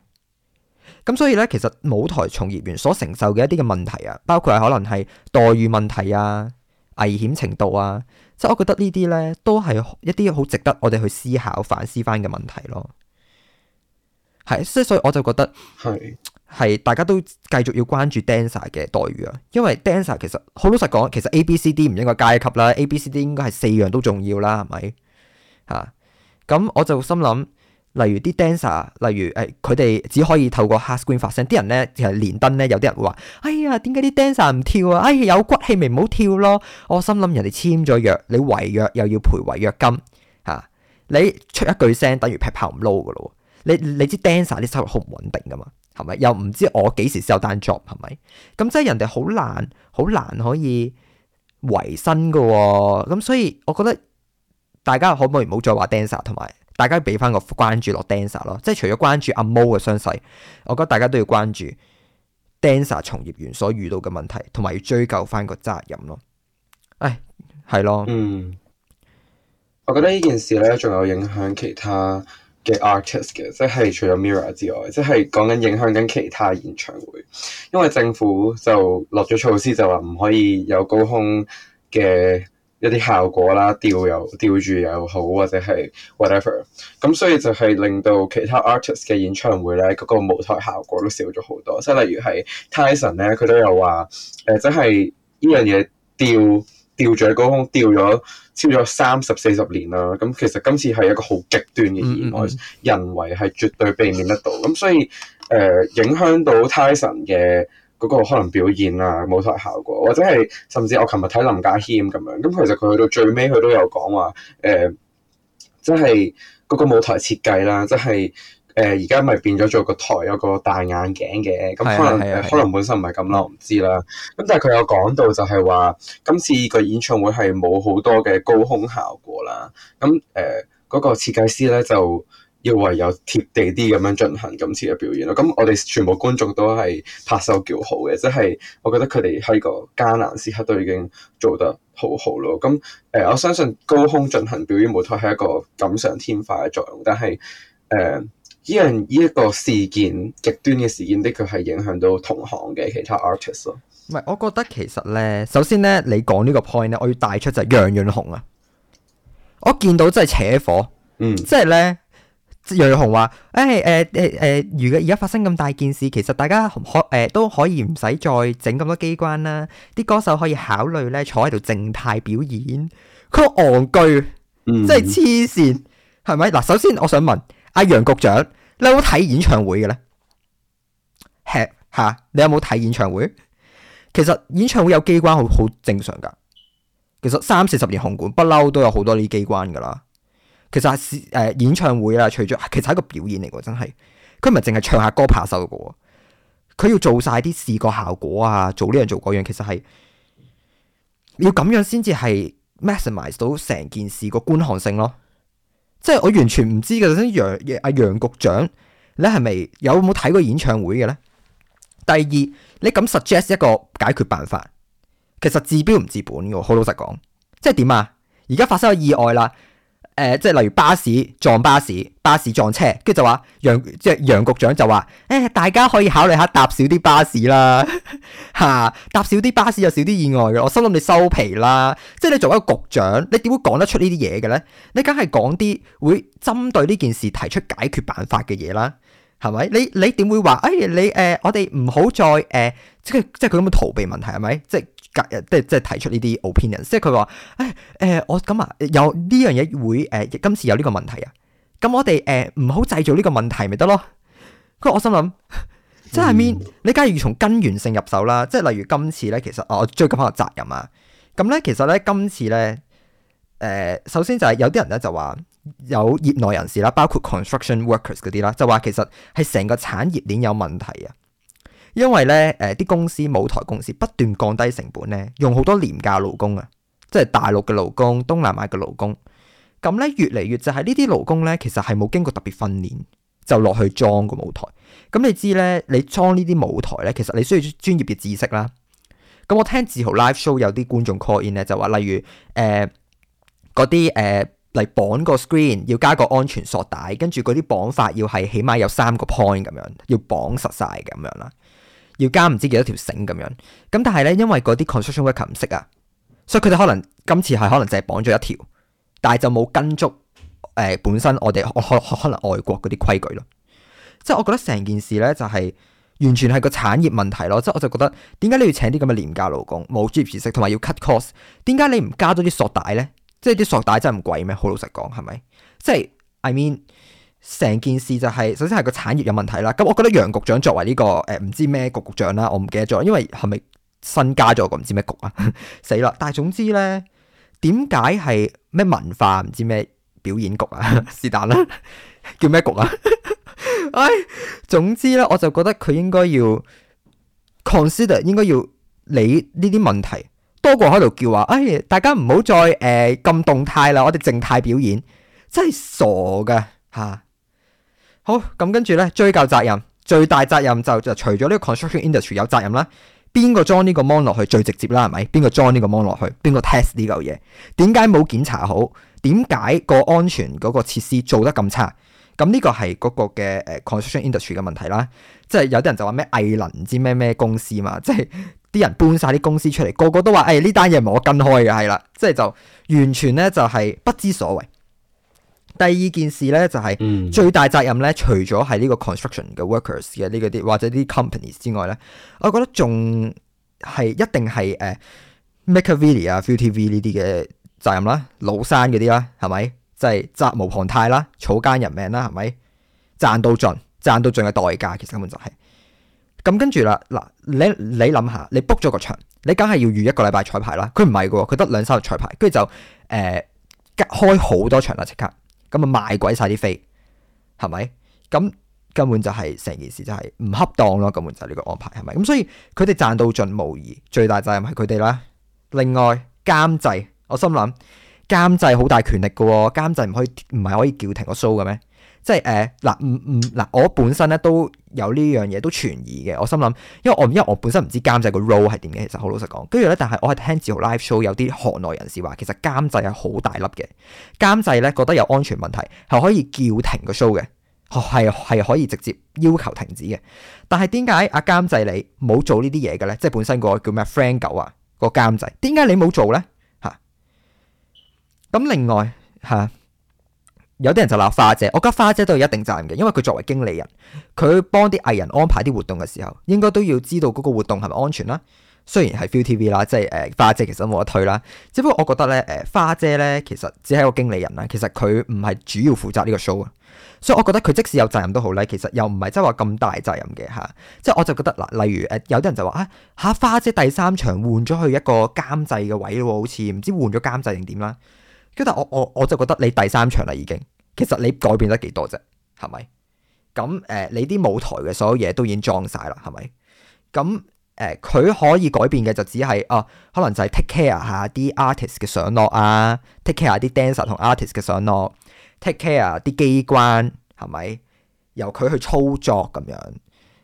咁所以咧，其實舞台從業員所承受嘅一啲嘅問題啊，包括係可能係待遇問題啊、危險程度啊，即係我覺得呢啲咧都係一啲好值得我哋去思考反思翻嘅問題咯。係，即係所以我就覺得係。係大家都繼續要關注 dancer 嘅待遇啊，因為 dancer 其實好老實講，其實 A、B、C、D 唔應該階級啦。A、B、C、D 應該係四樣都重要啦，係咪啊？咁我就心諗，例如啲 dancer，例如誒佢哋只可以透過黑 screen 發聲啲人咧，其實連登咧有啲人會話：哎呀，點解啲 dancer 唔跳啊？哎，有骨氣咪唔好跳咯。我心諗人哋簽咗約，你違約又要賠違約金吓，你出一句聲等於劈炮唔撈噶啦。你你知 dancer 啲收入好唔穩定噶嘛？係咪又唔知我幾時先有單 job？係咪咁，即係人哋好難好難可以維生噶？咁所以我覺得大家可唔可以唔好再話 Dancer 同埋，大家俾翻個關注落 Dancer 咯。即係除咗關注阿 Mo 嘅傷勢，我覺得大家都要關注 Dancer 從業員所遇到嘅問題，同埋要追究翻個責任唉咯。誒，係咯。嗯，我覺得呢件事咧，仲有影響其他。嘅 artist 嘅，即係除咗 Mirror 之外，即係講緊影響緊其他演唱會，因為政府就落咗措施，就話唔可以有高空嘅一啲效果啦，吊又吊住又好，或者係 whatever。咁所以就係令到其他 artist 嘅演唱會咧，嗰個舞台效果都少咗好多。即係例如係 Tyson 咧，佢都有話，誒，即係呢樣嘢吊吊住喺高空吊咗。超咗三十四十年啦，咁其實今次係一個好極端嘅意外，人為係絕對避免得到。咁所以誒、呃，影響到 Tyson 嘅嗰個可能表現啊，舞台效果，或者係甚至我琴日睇林家謙咁樣，咁其實佢去到最尾佢都有講話誒，即係嗰個舞台設計啦，即係。誒而家咪變咗做個台有個戴眼鏡嘅咁、嗯，可能可能本身唔係咁，我唔知啦。咁、嗯、但係佢有講到就係話，今次個演唱會係冇好多嘅高空效果啦。咁誒嗰個設計師咧就要唯有貼地啲咁樣進行今次嘅表演咯。咁、嗯、我哋全部觀眾都係拍手叫好嘅，即係我覺得佢哋喺個艱難時刻都已經做得好好咯。咁、嗯、誒、呃，我相信高空進行表演舞台係一個錦上添花嘅作用，但係誒。呃依樣呢一個事件，極端嘅事件的確係影響到同行嘅其他 artist 唔係，我覺得其實咧，首先咧，你講呢個 point 咧，我要帶出就係楊潤雄啊，我見到真係扯火，嗯，即係咧，楊潤雄話，誒誒誒誒，如果而家發生咁大件事，其實大家可誒、呃、都可以唔使再整咁多機關啦，啲歌手可以考慮咧坐喺度靜態表演，佢戇居，嗯，真係黐線，係咪？嗱，首先我想問。阿楊局長，你有冇睇演唱會嘅咧？吃吓，你有冇睇演唱會？其實演唱會有機關好好正常噶。其實三四十年紅館不嬲都有好多呢啲機關噶啦。其實誒、呃、演唱會啊，除咗其實係一個表演嚟噶，真係佢唔係淨係唱下歌拍手噶。佢要做晒啲視覺效果啊，做呢樣做嗰樣，其實係要咁樣先至係 maximize 到成件事個觀看性咯。即係我完全唔知嘅，楊阿、啊、楊局長，你係咪有冇睇過演唱會嘅咧？第二，你咁 suggest 一個解決辦法，其實治標唔治本嘅，好老實講。即係點啊？而家發生咗意外啦！誒、呃，即係例如巴士撞巴士，巴士撞車，跟住就話楊，即係楊局長就話，誒、哎，大家可以考慮下搭少啲巴士啦，吓，搭少啲巴士有少啲意外嘅。我心諗你收皮啦，即係你作為一個局長，你點會講得出呢啲嘢嘅咧？你梗係講啲會針對呢件事提出解決辦法嘅嘢啦，係咪？你你點會話？誒，你誒、哎呃，我哋唔好再誒、呃，即係即係佢咁逃避問題係咪？即係。即即係即係提出呢啲 opinion，即係佢話誒誒我咁啊有呢樣嘢，會誒、呃、今次有呢個問題啊，咁我哋誒唔好製造呢個問題咪得咯。佢我心諗即係面你假如從根源性入手啦，即係例如今次咧，其實、啊、我追究翻個責任啊。咁咧其實咧今次咧誒、呃，首先就係有啲人咧就話有業內人士啦，包括 construction workers 嗰啲啦，就話其實係成個產業鏈有問題啊。因為咧，誒，啲公司舞台公司不斷降低成本咧，用好多廉價勞工啊，即係大陸嘅勞工、東南亞嘅勞工。咁咧越嚟越就係呢啲勞工咧，其實係冇經過特別訓練就落去裝個舞台。咁你知咧，你裝呢啲舞台咧，其實你需要專業嘅知識啦。咁我聽自豪 live show 有啲觀眾 call in 咧，就話例如誒，嗰啲誒嚟綁個 screen 要加個安全索帶，跟住嗰啲綁法要係起碼有三個 point 咁樣，要綁實晒咁樣啦。要加唔知幾多條繩咁樣，咁但係呢，因為嗰啲 construction worker 唔識啊，所以佢哋可能今次係可能就係綁咗一條，但係就冇跟足誒、呃、本身我哋可能外國嗰啲規矩咯。即係我覺得成件事呢就係、是、完全係個產業問題咯。即係我就覺得點解你要請啲咁嘅廉價勞工，冇專業知識，同埋要 cut cost，點解你唔加多啲索帶呢？即係啲索帶真係唔貴咩？好老實講係咪？即係 I mean。成件事就係、是、首先係個產業有問題啦，咁我覺得楊局長作為呢、這個誒唔、呃、知咩局局長啦，我唔記得咗，因為係咪新加咗個唔知咩局啊 死啦！但係總之咧，點解係咩文化唔知咩表演局啊？是但啦，叫咩局啊？唉、 哎，總之咧，我就覺得佢應該要 consider，應該要理呢啲問題，多過喺度叫話，哎，大家唔好再誒咁、呃、動態啦，我哋靜態表演真係傻噶吓。啊好，咁跟住咧，追究責任，最大責任就就除咗呢個 construction industry 有責任啦，邊個裝呢個 mon 落去最直接啦，係咪？邊個裝呢個 mon 落去？邊個 test 呢嚿嘢？點解冇檢查好？點解個安全嗰個設施做得咁差？咁呢個係嗰個嘅誒 construction industry 嘅問題啦。即係有啲人就話咩藝能唔知咩咩公司嘛，即係啲人搬晒啲公司出嚟，個個都話誒呢單嘢唔係我跟開嘅，係啦，即係就完全咧就係不知所謂。第二件事咧就係、是、最大責任咧，除咗係呢個 construction 嘅 workers 嘅呢個啲或者啲 companies 之外咧，我覺得仲係一定係誒 MakerVille 啊、ViuTV 呢啲嘅責任啦，老山嗰啲啦，係咪就係、是、責無旁貸啦，草菅人命啦，係咪？賺到盡賺到盡嘅代價，其實根本就係咁。跟住啦嗱，你你諗下，你 book 咗個場，你梗係要預一個禮拜彩排啦，佢唔係嘅喎，佢得兩三日彩排，跟住就誒、呃、開好多場啦，即刻。咁啊，賣鬼晒啲飛，係咪？咁根本就係成件事就係唔恰當咯，根本就係呢個安排係咪？咁所以佢哋賺到盡無疑，最大責任係佢哋啦。另外監製，我心諗監製好大權力㗎喎、哦，監製唔可以唔係可以叫停個 show 嘅咩？即係誒嗱，唔唔嗱，我本身咧都有呢樣嘢都存疑嘅。我心諗，因為我因為我本身唔知監製個 role 係點嘅，其實好老實講。跟住咧，但係我係聽自豪 live show 有啲行內人士話，其實監製係好大粒嘅。監製咧覺得有安全問題，係可以叫停個 show 嘅，係係可以直接要求停止嘅。但係點解阿監製你冇做呢啲嘢嘅咧？即係本身個叫咩 friend 狗啊、個監製，點解你冇做咧？嚇、啊！咁另外嚇。啊。有啲人就鬧花姐，我覺得花姐都係一定責任嘅，因為佢作為經理人，佢幫啲藝人安排啲活動嘅時候，應該都要知道嗰個活動係咪安全啦。雖然係 ViuTV 啦，即係誒花姐其實冇得退啦。只不過我覺得咧，誒花姐咧其實只係一個經理人啦，其實佢唔係主要負責呢個 show 嘅，所以我覺得佢即使有責任都好咧，其實又唔係真係話咁大責任嘅嚇、啊。即係我就覺得嗱，例如誒、啊、有啲人就話啊嚇花姐第三場換咗去一個監製嘅位喎，好似唔知換咗監製定點啦。我，我我就覺得你第三場啦，已經其實你改變得幾多啫？係咪咁？誒，你啲舞台嘅所有嘢都已經裝晒啦，係咪咁？誒，佢可以改變嘅就只係啊，可能就係 take care 下啲 artist 嘅上落啊，take care 下啲 dancer 同 artist 嘅上落，take care 啲機關係咪由佢去操作咁樣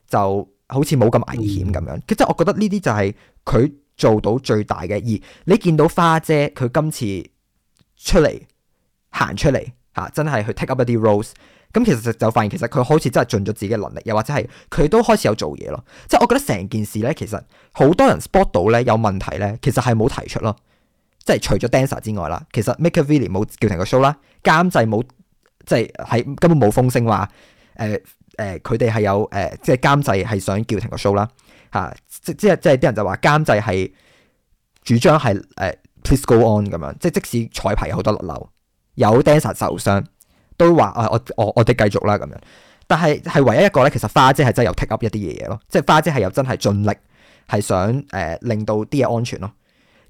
就好似冇咁危險咁樣。即係我覺得呢啲就係佢做到最大嘅意。oh. cs thrive in ss mm。你見到花姐佢今次。出嚟行出嚟嚇、啊，真係去 take up 一啲 roles、啊。咁其實就發現其實佢好似真係盡咗自己嘅能力，又或者係佢都開始有做嘢咯。即係我覺得成件事咧，其實好多人 spot 到咧有問題咧，其實係冇提出咯。即係除咗 dancer 之外啦，其實 MakerVille 冇叫停個 show 啦，監製冇即係喺根本冇風聲話誒誒，佢哋係有誒，即係監製係想叫停個 show 啦、啊、嚇。即即即係啲人就話、是就是、監製係主張係誒。呃 Please go on 咁樣，即係即使彩排有好多流，有 dancer 受傷，都話誒我我我哋繼續啦咁樣。但係係唯一一個咧，其實花姐係真係有 take up 一啲嘢嘢咯，即係花姐係有真係盡力係想誒、呃、令到啲嘢安全咯。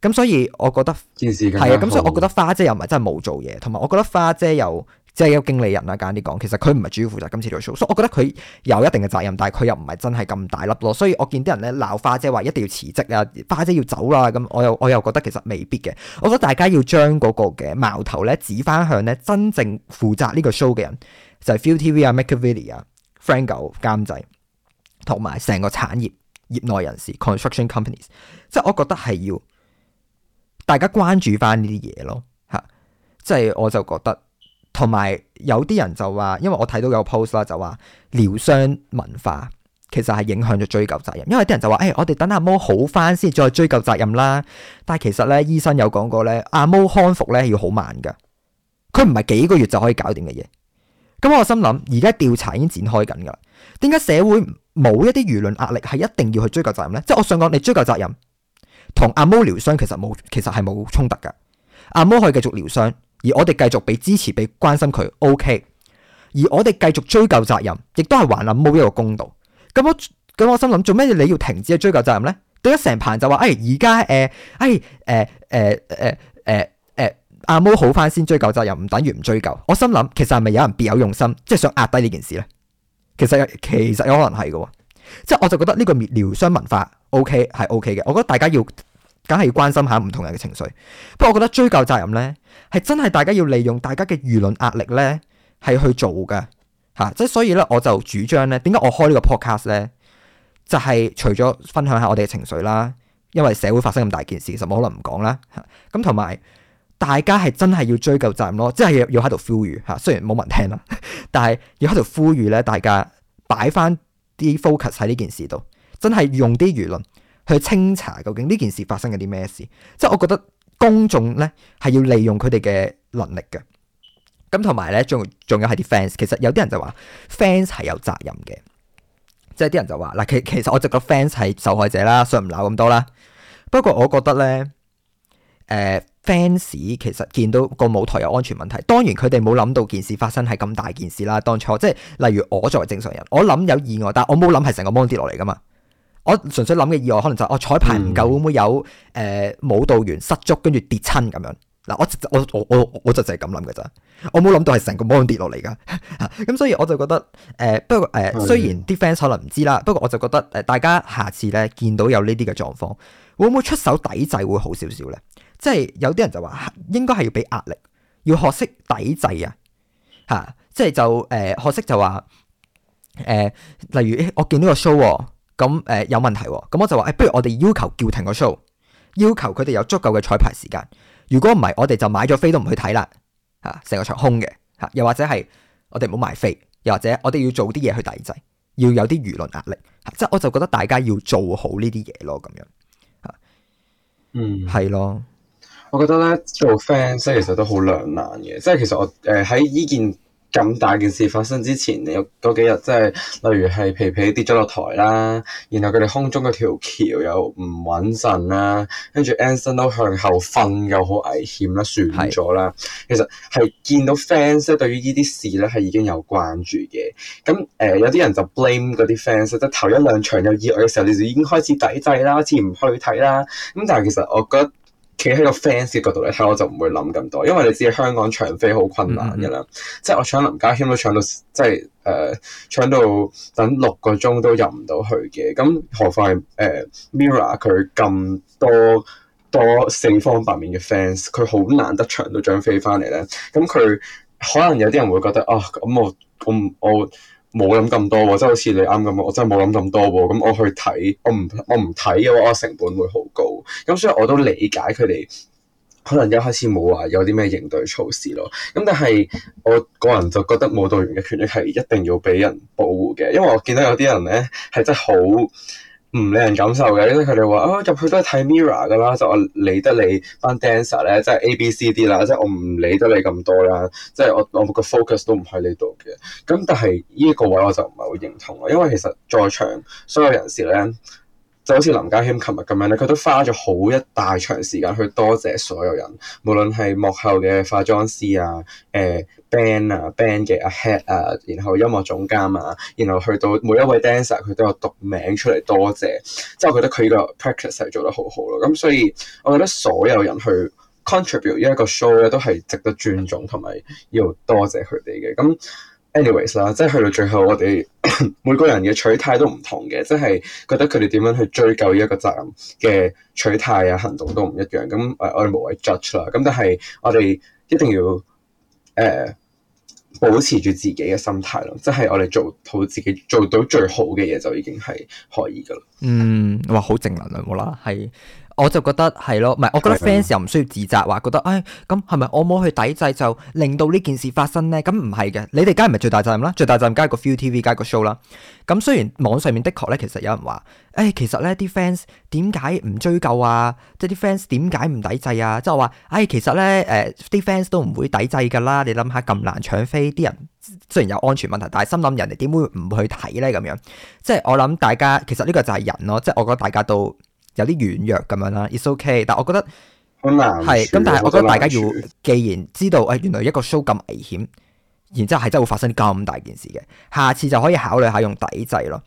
咁所以我覺得，件事梗係，係啊，咁所以我覺得花姐又唔係真係冇做嘢，同埋我覺得花姐又。即係一個經理人啦，簡單啲講，其實佢唔係主要負責今次條 show，所以我覺得佢有一定嘅責任，但係佢又唔係真係咁大粒咯。所以我見啲人咧鬧花姐話一定要辭職啊，花姐要走啦咁，我又我又覺得其實未必嘅。我覺得大家要將嗰個嘅矛頭咧指翻向咧真正負責呢個 show 嘅人，就係、是、ViuTV 啊、MakerVille 啊、Franko 監製，同埋成個產業業內人士 Construction Companies，即係我覺得係要大家關注翻呢啲嘢咯吓，即係我就覺得。同埋有啲人就話，因為我睇到有 post 啦，就話療傷文化其實係影響咗追究責任。因為啲人就話，誒、欸，我哋等阿毛好返先，再追究責任啦。但係其實咧，醫生有講過咧，阿毛康復咧要好慢噶，佢唔係幾個月就可以搞掂嘅嘢。咁我心諗，而家調查已經展開緊噶啦，點解社會冇一啲輿論壓力係一定要去追究責任咧？即係我想講，你追究責任同阿毛療傷其實冇，其實係冇衝突噶。阿毛可以繼續療傷。而我哋繼續俾支持、俾關心佢，OK。而我哋繼續追究責任，亦都係還阿毛一個公道。咁我咁我心諗，做咩你要停止追究責任咧？對得成棚就話，哎，而家誒，哎誒誒誒誒阿毛好翻先，追究責任，唔等於唔追究。我心諗，其實係咪有人別有用心，即係想壓低呢件事咧？其實其實有可能係㗎，即係我就覺得呢個療傷文化 OK 係 OK 嘅。我覺得大家要。梗係要關心下唔同人嘅情緒，不過我覺得追究責任咧，係真係大家要利用大家嘅輿論壓力咧，係去做噶吓，即、啊、係所以咧，我就主張咧，點解我開個呢個 podcast 咧，就係、是、除咗分享下我哋嘅情緒啦，因為社會發生咁大件事，其實冇可能唔講啦，咁同埋大家係真係要追究責任咯，啊，即係要喺度呼籲吓，啊，雖然冇人聽啦，但係要喺度呼籲咧，大家擺翻啲 focus 喺呢件事度，真係用啲輿論。去清查究竟呢件事發生緊啲咩事，即係我覺得公眾咧係要利用佢哋嘅能力嘅，咁同埋咧仲仲有係啲 fans，其實有啲人就話 fans 係有責任嘅，即係啲人就話嗱，其其實我直覺 fans 係受害者啦，所以唔鬧咁多啦。不過我覺得咧，誒、呃、fans 其實見到個舞台有安全問題，當然佢哋冇諗到件事發生係咁大件事啦。當初即係例如我作為正常人，我諗有意外，但我冇諗係成個 mon 跌落嚟噶嘛。我純粹諗嘅意外，可能就我彩排唔夠，會唔會有誒、呃、舞蹈員失足，跟住跌親咁樣嗱。我我我我我就就係咁諗嘅咋。我冇諗到係成個 ball 跌落嚟噶。咁、 嗯、所以我就覺得誒、呃，不過誒、呃，雖然啲 fans 可能唔知啦，不過我就覺得誒、呃，大家下次咧見到有呢啲嘅狀況，會唔會出手抵制會好少少咧？即係有啲人就話應該係要俾壓力，要學識抵制啊，吓即係就誒、呃、學識就話誒、呃，例如我見到個 show。咁誒、呃、有問題、啊，咁、嗯、我就話誒、哎，不如我哋要求叫停個 show，要求佢哋有足夠嘅彩排時間。如果唔係，我哋就買咗飛都唔去睇啦，吓、啊、成個場空嘅吓、啊。又或者係我哋唔好買飛，又或者我哋要做啲嘢，去抵制，要有啲輿論壓力。即、啊、係我就覺得大家要做好呢啲嘢咯，咁、啊、樣嗯，係是咯。我覺得咧做 fans 其實都好兩難嘅，即係其實我誒喺呢件。咁大件事發生之前，有嗰幾日即係，例如係皮皮跌咗落台啦，然後佢哋空中嗰條橋又唔穩陣啦，跟住 Anson 都向後瞓又好危險啦，算咗啦。是其實係見到 fans 咧，對於呢啲事咧係已經有慣注嘅。咁誒、呃、有啲人就 blame 嗰啲 fans，即係頭一兩場有意外嘅時候，你就已經開始抵制啦，開始唔去睇啦。咁但係其實我覺得。企喺個 fans 角度嚟睇我就唔會諗咁多，因為你知香港搶飛好困難嘅啦，mm hmm. 即係我搶林家謙都搶到，即係誒、uh, 搶到等六個鐘都入唔到去嘅，咁何況誒 Mirror 佢咁多多四方八面嘅 fans，佢好難得搶到張飛翻嚟咧，咁佢可能有啲人會覺得啊，咁我我我。我我冇諗咁多喎，即係好似你啱咁，我真係冇諗咁多喎。咁我去睇，我唔我唔睇嘅話，我成本會好高。咁所以我都理解佢哋可能一開始冇話有啲咩應對措施咯。咁但係我個人就覺得舞蹈員嘅權益係一定要俾人保護嘅，因為我見到有啲人呢，係真係好。唔理人感受嘅，即係佢哋話啊入去都係睇 Mirror 噶啦，就我理得你班 dancer 咧，即係 A、B、C、D 啦，即係我唔理得你咁多啦，即係我我個 focus 都唔喺呢度嘅。咁但係呢個位我就唔係好認同，因為其實在場所有人士咧。就好似林家謙琴日咁樣咧，佢都花咗好一大長時間去多謝所有人，無論係幕後嘅化妝師啊、誒、呃、band 啊、band 嘅 a、啊、head 啊，然後音樂總監啊，然後去到每一位 dancer，佢都有讀名出嚟多謝，謝。即、就、係、是、我覺得佢個 practice 係做得好好咯。咁所以，我覺得所有人去 contribute 呢一個 show 咧，都係值得尊重同埋要多謝佢哋嘅。咁。Anyways 啦，即係去到最後我，我 哋每個人嘅取態都唔同嘅，即係覺得佢哋點樣去追究呢一個責任嘅取態啊，行動都唔一樣。咁誒，我哋無謂 judge 啦。咁但係我哋一定要誒、呃、保持住自己嘅心態咯，即係我哋做好自己做到最好嘅嘢，就已經係可以噶啦。嗯，哇，好正能量啦，係。我就覺得係咯，唔、嗯、係，我覺得 fans 又唔需要自責，話覺得，哎，咁係咪我冇去抵制就令到呢件事發生呢？咁唔係嘅，你哋梗係唔係最大責任啦，最大責任加個 ViuTV 加個 show 啦。咁雖然網上面的確咧，其實有人話，哎，其實咧啲 fans 點解唔追究啊？即係啲 fans 點解唔抵制啊？即係我話，哎，其實咧，誒、呃，啲 fans 都唔會抵制噶啦。你諗下咁難搶飛，啲人雖然有安全問題，但係心諗人哋點會唔去睇咧？咁樣，即、就、係、是、我諗大家其實呢個就係人咯，即、就、係、是、我覺得大家都。有啲軟弱咁樣啦，is o、okay, k a 但我覺得，係咁，但係我覺得大家要，既然知道，誒、啊、原來一個 show 咁危險，然之後係真係會發生咁大件事嘅，下次就可以考慮下用抵制咯。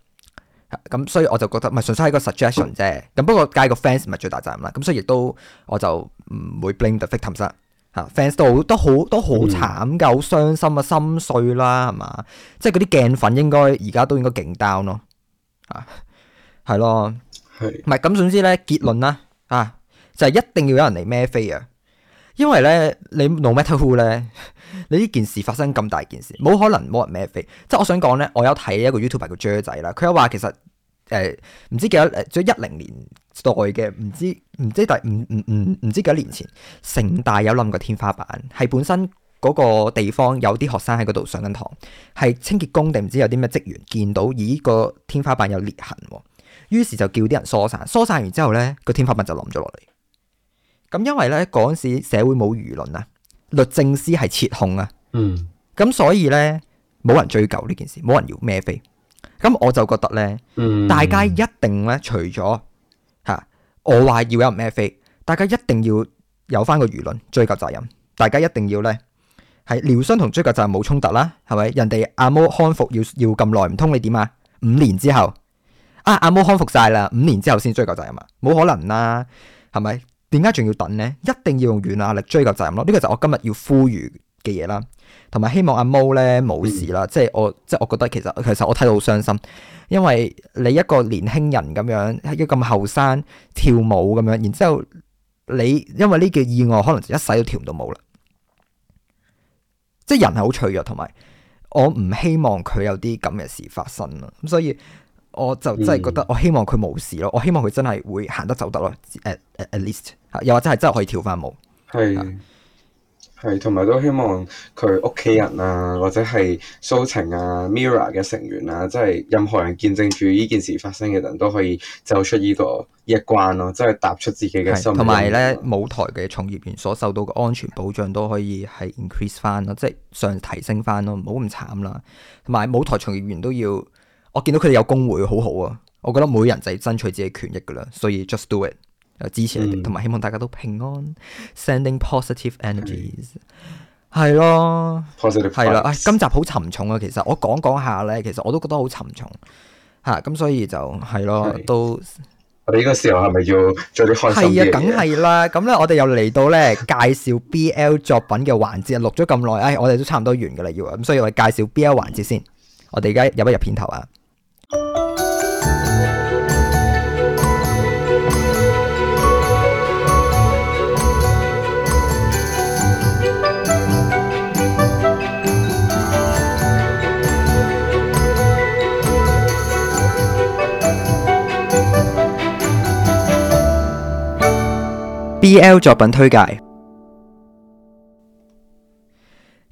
咁、嗯、所以我就覺得，唔係純粹係一個 suggestion 啫。咁 不過介個 fans 唔係最大責任啦。咁所以亦都、啊，我就唔會 blink the victims 氹曬嚇 fans 都都好都好慘㗎，好傷心啊，心碎啦，係嘛？即係嗰啲鏡粉應該而家都應該勁 down 咯，啊，係咯。唔係咁，總之咧，結論啦，啊就係、是、一定要有人嚟孭飛啊！因為咧你 no matter who 咧，你呢件事發生咁大件事，冇可能冇人孭飛。即係我想講咧，我有睇一個 YouTube 嘅 Jer 仔啦，佢有話其實誒唔、呃、知幾多誒，就一零年代嘅唔知唔知但係唔唔唔知幾多年前，城大有冧過天花板，係本身嗰個地方有啲學生喺嗰度上緊堂，係清潔工定唔知有啲咩職員見到咦個天花板有裂痕，哦。於是就叫啲人疏散，疏散完之後咧，個天花板就冧咗落嚟。咁因為咧嗰陣時社會冇輿論啊，律政司係撤控啊，嗯，咁所以咧冇人追究呢件事，冇人要孭飛。咁我就覺得咧，嗯、大家一定咧，除咗吓、啊、我話要有人孭飛，大家一定要有翻個輿論追究責任。大家一定要咧係療傷同追究責任冇衝突啦，係咪？人哋阿摩康復要要咁耐，唔通你點啊？五年之後。啊！阿 Mo 康復晒啦，五年之後先追究責任嘛，冇可能啦，係咪？點解仲要等呢？一定要用軟壓力追究責任咯。呢個就我今日要呼籲嘅嘢啦，同埋希望阿 Mo 呢冇事啦。即係我，即係我覺得其實其實我睇到好傷心，因為你一個年輕人咁樣，要咁後生跳舞咁樣，然之後你因為呢個意外，可能就一世都跳唔到舞啦。即係人係好脆弱，同埋我唔希望佢有啲咁嘅事發生啊！咁所以。我就真係覺得，我希望佢冇事咯，嗯、我希望佢真係會行得走得咯 at,，at least，又或者係真係可以跳翻舞。係係是，同埋都希望佢屋企人啊，或者係蘇晴啊、Mirror 嘅成員啊，即、就、係、是、任何人見證住呢件事發生嘅人，都可以走出呢、這個一關咯、啊，即、就、係、是、踏出自己嘅心、啊。同埋咧，舞台嘅從業員所受到嘅安全保障都可以係 increase 翻咯，即係想提升翻咯，唔好咁慘啦。同埋舞台從業員都要，我見到佢哋有工會，好好啊！我覺得每人就係爭取自己權益噶啦，所以 just do it，又支持你。同埋、嗯、希望大家都平安，sending positive energies，係咯，係啦。喂、哎，今集好沉重啊！其實我講講下咧，其實我都覺得好沉重吓。咁所以就係咯，的都我哋呢個時候係咪要做啲開心嘅嘢？係啊，梗係啦。咁咧、哎，我哋又嚟到咧介紹 B L 作品嘅環節啊。錄咗咁耐，唉，我哋都差唔多完噶啦，要啊，咁，所以我哋介紹 B L 環節先。我哋而家入一入片頭啊。B L 作品推介，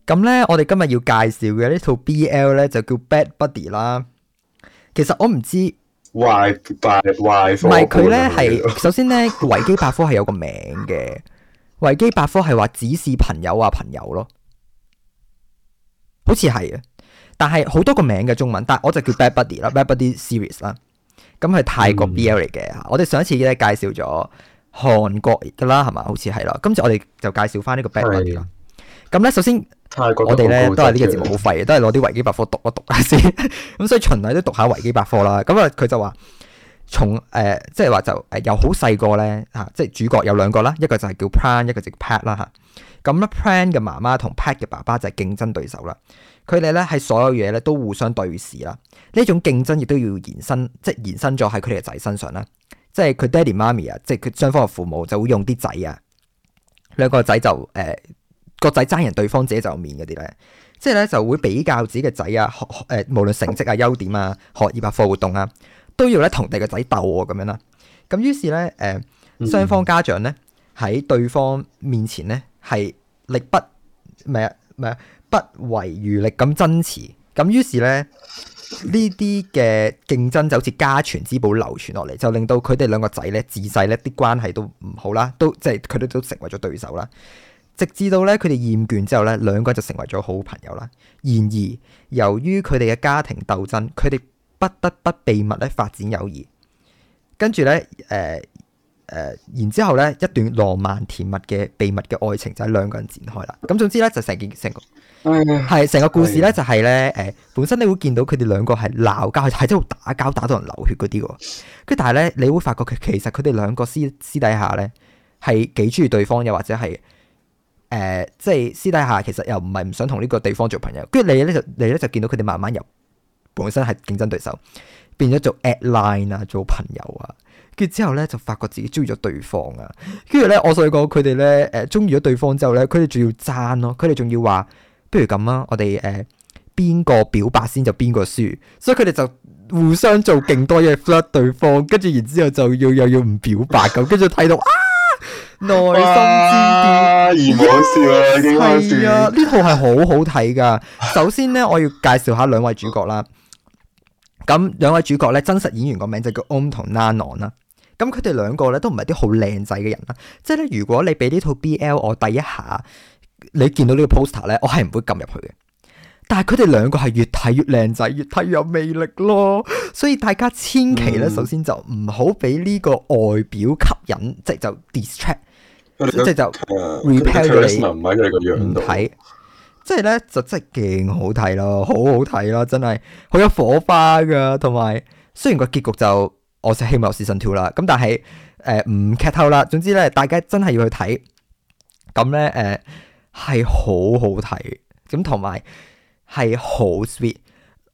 咁咧，我哋今日要介紹嘅呢套 B L 咧就叫 Bad Buddy 啦。其實我唔知唔係佢咧係，首先咧維基百科係有個名嘅，維 基百科係話只是指示朋友啊朋友咯好似係啊，但係好多個名嘅中文，但係我就叫 Bad Buddy 啦，Bad Buddy Series 啦，咁係泰國 B L 嚟嘅。嗯。我哋上一次咧介紹咗。韓國嘅啦，係嘛？好似係啦。今次我哋就介紹翻呢個 bad 啦。咁咧，首先我哋咧都係呢個節目好廢，都係攞啲維基百科讀一讀下先。咁所以循例都讀下維基百科啦。咁啊，佢就話從誒，即係話就誒，又好細個咧吓，即係主角有兩個啦，一個就係叫 Pran，一個叫 Pat 啦吓。咁咧，Pran 嘅媽媽同 Pat 嘅爸爸就係競爭對手啦。佢哋咧喺所有嘢咧都互相對視啦。呢種競爭亦都要延伸，即係延伸咗喺佢哋嘅仔身上啦。即係佢爹哋媽咪啊，即係佢雙方嘅父母就會用啲仔啊，兩個仔就誒個仔爭人對方自己就面嗰啲咧，即係咧就會比較自己嘅仔啊，學誒、呃、無論成績啊、優點啊、學業啊、課、課活動啊，都要咧同第個仔鬥喎，咁樣啦。咁於是咧誒、呃、雙方家長咧喺對方面前咧係力不咩啊咩啊不遺餘力咁爭持。咁於是咧，呢啲嘅競爭就好似家傳之寶流傳落嚟，就令到佢哋兩個仔咧自細咧啲關係都唔好啦，都即係佢哋都成為咗對手啦。直至到咧佢哋厭倦之後咧，兩個人就成為咗好朋友啦。然而由於佢哋嘅家庭鬥爭，佢哋不得不秘密咧發展友誼。跟住咧，誒、呃。誒，uh, 然之後咧一段浪漫甜蜜嘅秘密嘅愛情就係、是、兩個人展開啦。咁總之咧就成件成個係成個、哎、呀個故事咧就係咧誒，本身你會見到佢哋兩個係鬧交，係真打交打到人流血嗰啲嘅。跟住但係咧你會發覺其實佢哋兩個私私底下咧係幾中意對方，又或者係誒，即、呃、係、就是、私底下其實又唔係唔想同呢個地方做朋友。跟住你咧就你咧就見到佢哋慢慢由本身係競爭對手變咗做 Adline 啊，做朋友啊。跟住之後咧，就發覺自己中意咗對方啊！跟住咧，我再講佢哋咧，誒，中意咗對方之後咧，佢哋仲要爭咯，佢哋仲要話，不如咁啦，我哋誒，邊、呃、個表白先就邊個輸，所以佢哋就互相做勁多嘢 flirt 對方，跟住然之後，後就要又要唔表白咁，跟住睇到啊，內心之巔，而我笑啊。笑啊已經係啊，呢套係好好睇噶。首先咧，我要介紹下兩位主角啦。咁兩位主角咧，真實演員個名就叫 Om 同 Nanon 啦。咁佢哋兩個咧，都唔係啲好靚仔嘅人啦，即係咧，如果你俾呢套 BL 我睇一下，你見到個呢個 poster 咧，我係唔會撳入去嘅。但係佢哋兩個係越睇越靚仔，越睇越有魅力咯。所以大家千祈咧，嗯、首先就唔好俾呢個外表吸引，即係就 distract，即係就 repel 你。唔係佢哋咁樣睇，即係咧就真係勁好睇咯，好好睇咯，真係好有火花噶，同埋雖然個結局就。我就希望我試身跳啦，咁但係誒唔劇透啦。總之咧，大家真係要去睇，咁咧誒係好好睇，咁同埋係好 sweet。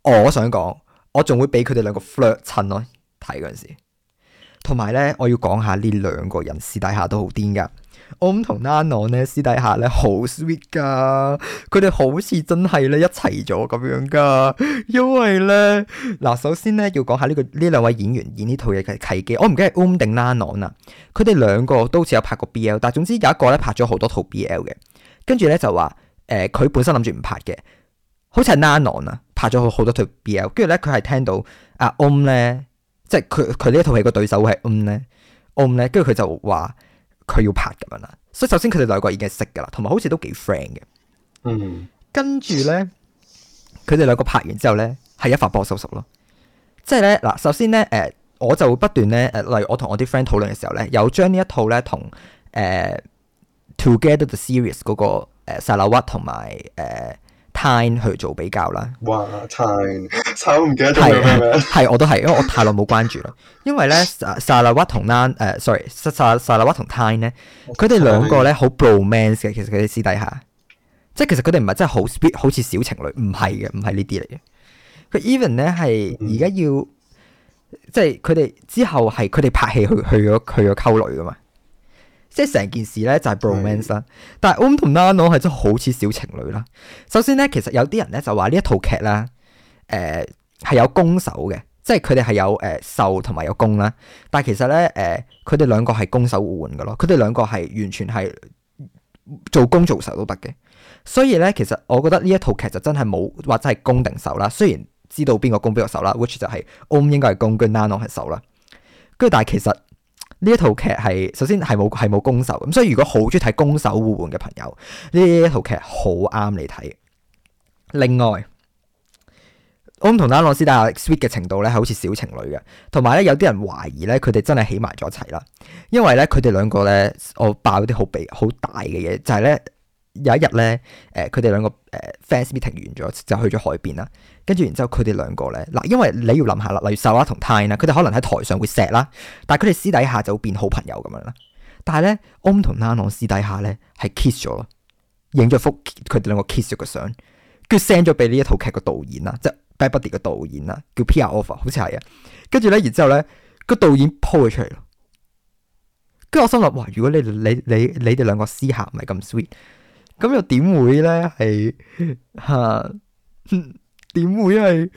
我想講，我仲會俾佢哋兩個 flirt 襯咯，睇嗰陣時。同埋咧，我要講下呢兩個人私底下都好癲噶 Ohm 同 Nanon 咧私底下咧好 sweet 噶，佢哋好似真係咧一齊咗咁樣噶，因為咧嗱，首先咧要講下呢、這個呢兩位演員演呢套嘢嘅契機。我唔記得係 Ohm o 定 Nanon 啦，佢哋兩個都似有拍過 BL，但係總之有一個咧拍咗好多套 BL 嘅，跟住咧就話誒佢本身諗住唔拍嘅，好似係 Nanon 啊拍咗好好多套 BL，跟住咧佢係聽到阿、啊、Ohm、oh、咧，即係佢佢呢一套戲個對手係 Ohm、oh、咧，Ohm 咧，跟住佢就話。佢要拍咁樣啦，所以首先佢哋兩個已經係識㗎啦，同埋好似都幾 friend 嘅。嗯、mm，hmm。跟住咧，佢哋兩個拍完之後咧，係一發波收數咯。即係咧嗱，首先咧，誒、呃、我就不斷咧，誒例如我同我啲 friend 討論嘅時候咧，有將呢一套咧同誒《Together the Series、那個》嗰個誒 Sarawat 同埋誒。Tine 去做比較啦。哇，Tine，炒唔記得咗係，係，我都係，因為我太耐冇關注啦。因為咧，薩拉瓦同呢單，誒，sorry，薩拉瓦同 Tine 咧，佢哋、呃、兩個咧好 bromance 嘅，其實佢哋私底下，即係其實佢哋唔係真係好 sweet，好似小情侶，唔係嘅，唔係呢啲嚟嘅。佢 even 咧係而家要，嗯、即係佢哋之後係佢哋拍戲去去咗去咗溝女噶嘛。即係成件事咧就係 bromance、嗯，但係 Oom 同 Nano 係真好似小情侶啦。首先咧，其實有啲人咧就話呢一套劇咧，誒、呃、係有攻守嘅，即係佢哋係有誒受同埋有攻啦。但係其實咧，誒佢哋兩個係攻守互換嘅咯，佢哋兩個係完全係做攻做受都得嘅。所以咧，其實我覺得呢一套劇就真係冇或者係攻定受啦。雖然知道邊個攻邊個受啦，which 就係 Oom 應該係攻跟 Nano 係受啦。跟住但係其實。呢一套劇係首先係冇係冇攻守，咁所以如果好中意睇攻守互換嘅朋友，呢一套劇好啱你睇。另外，我同丹老斯但係 sweet 嘅程度咧，係好似小情侶嘅，同埋咧有啲人懷疑咧，佢哋真係起埋咗一齊啦。因為咧，佢哋兩個咧，我爆啲好比好大嘅嘢，就係、是、咧有一日咧，誒、呃，佢哋兩個誒、呃、fans meeting 完咗，就去咗海邊啦。跟住，然之後佢哋兩個咧，嗱，因為你要諗下啦，例如沙拉同 Tine 啦，佢哋可能喺台上會錫啦，但係佢哋私底下就會變好朋友咁樣啦。但係咧，Om 同 Nanon 私底下咧係 kiss 咗咯，影咗幅佢哋兩個 kiss 咗嘅相，跟住 send 咗俾呢一套劇嘅導演啦，即係 Bad Buddy 嘅導演啦，叫 Pia Offer，好似係啊。跟住咧，然之後咧，個導演 po 咗出嚟咯。跟住我心諗，哇！如果你你你你哋兩個私下唔係咁 sweet，咁又點會咧係吓？.點會係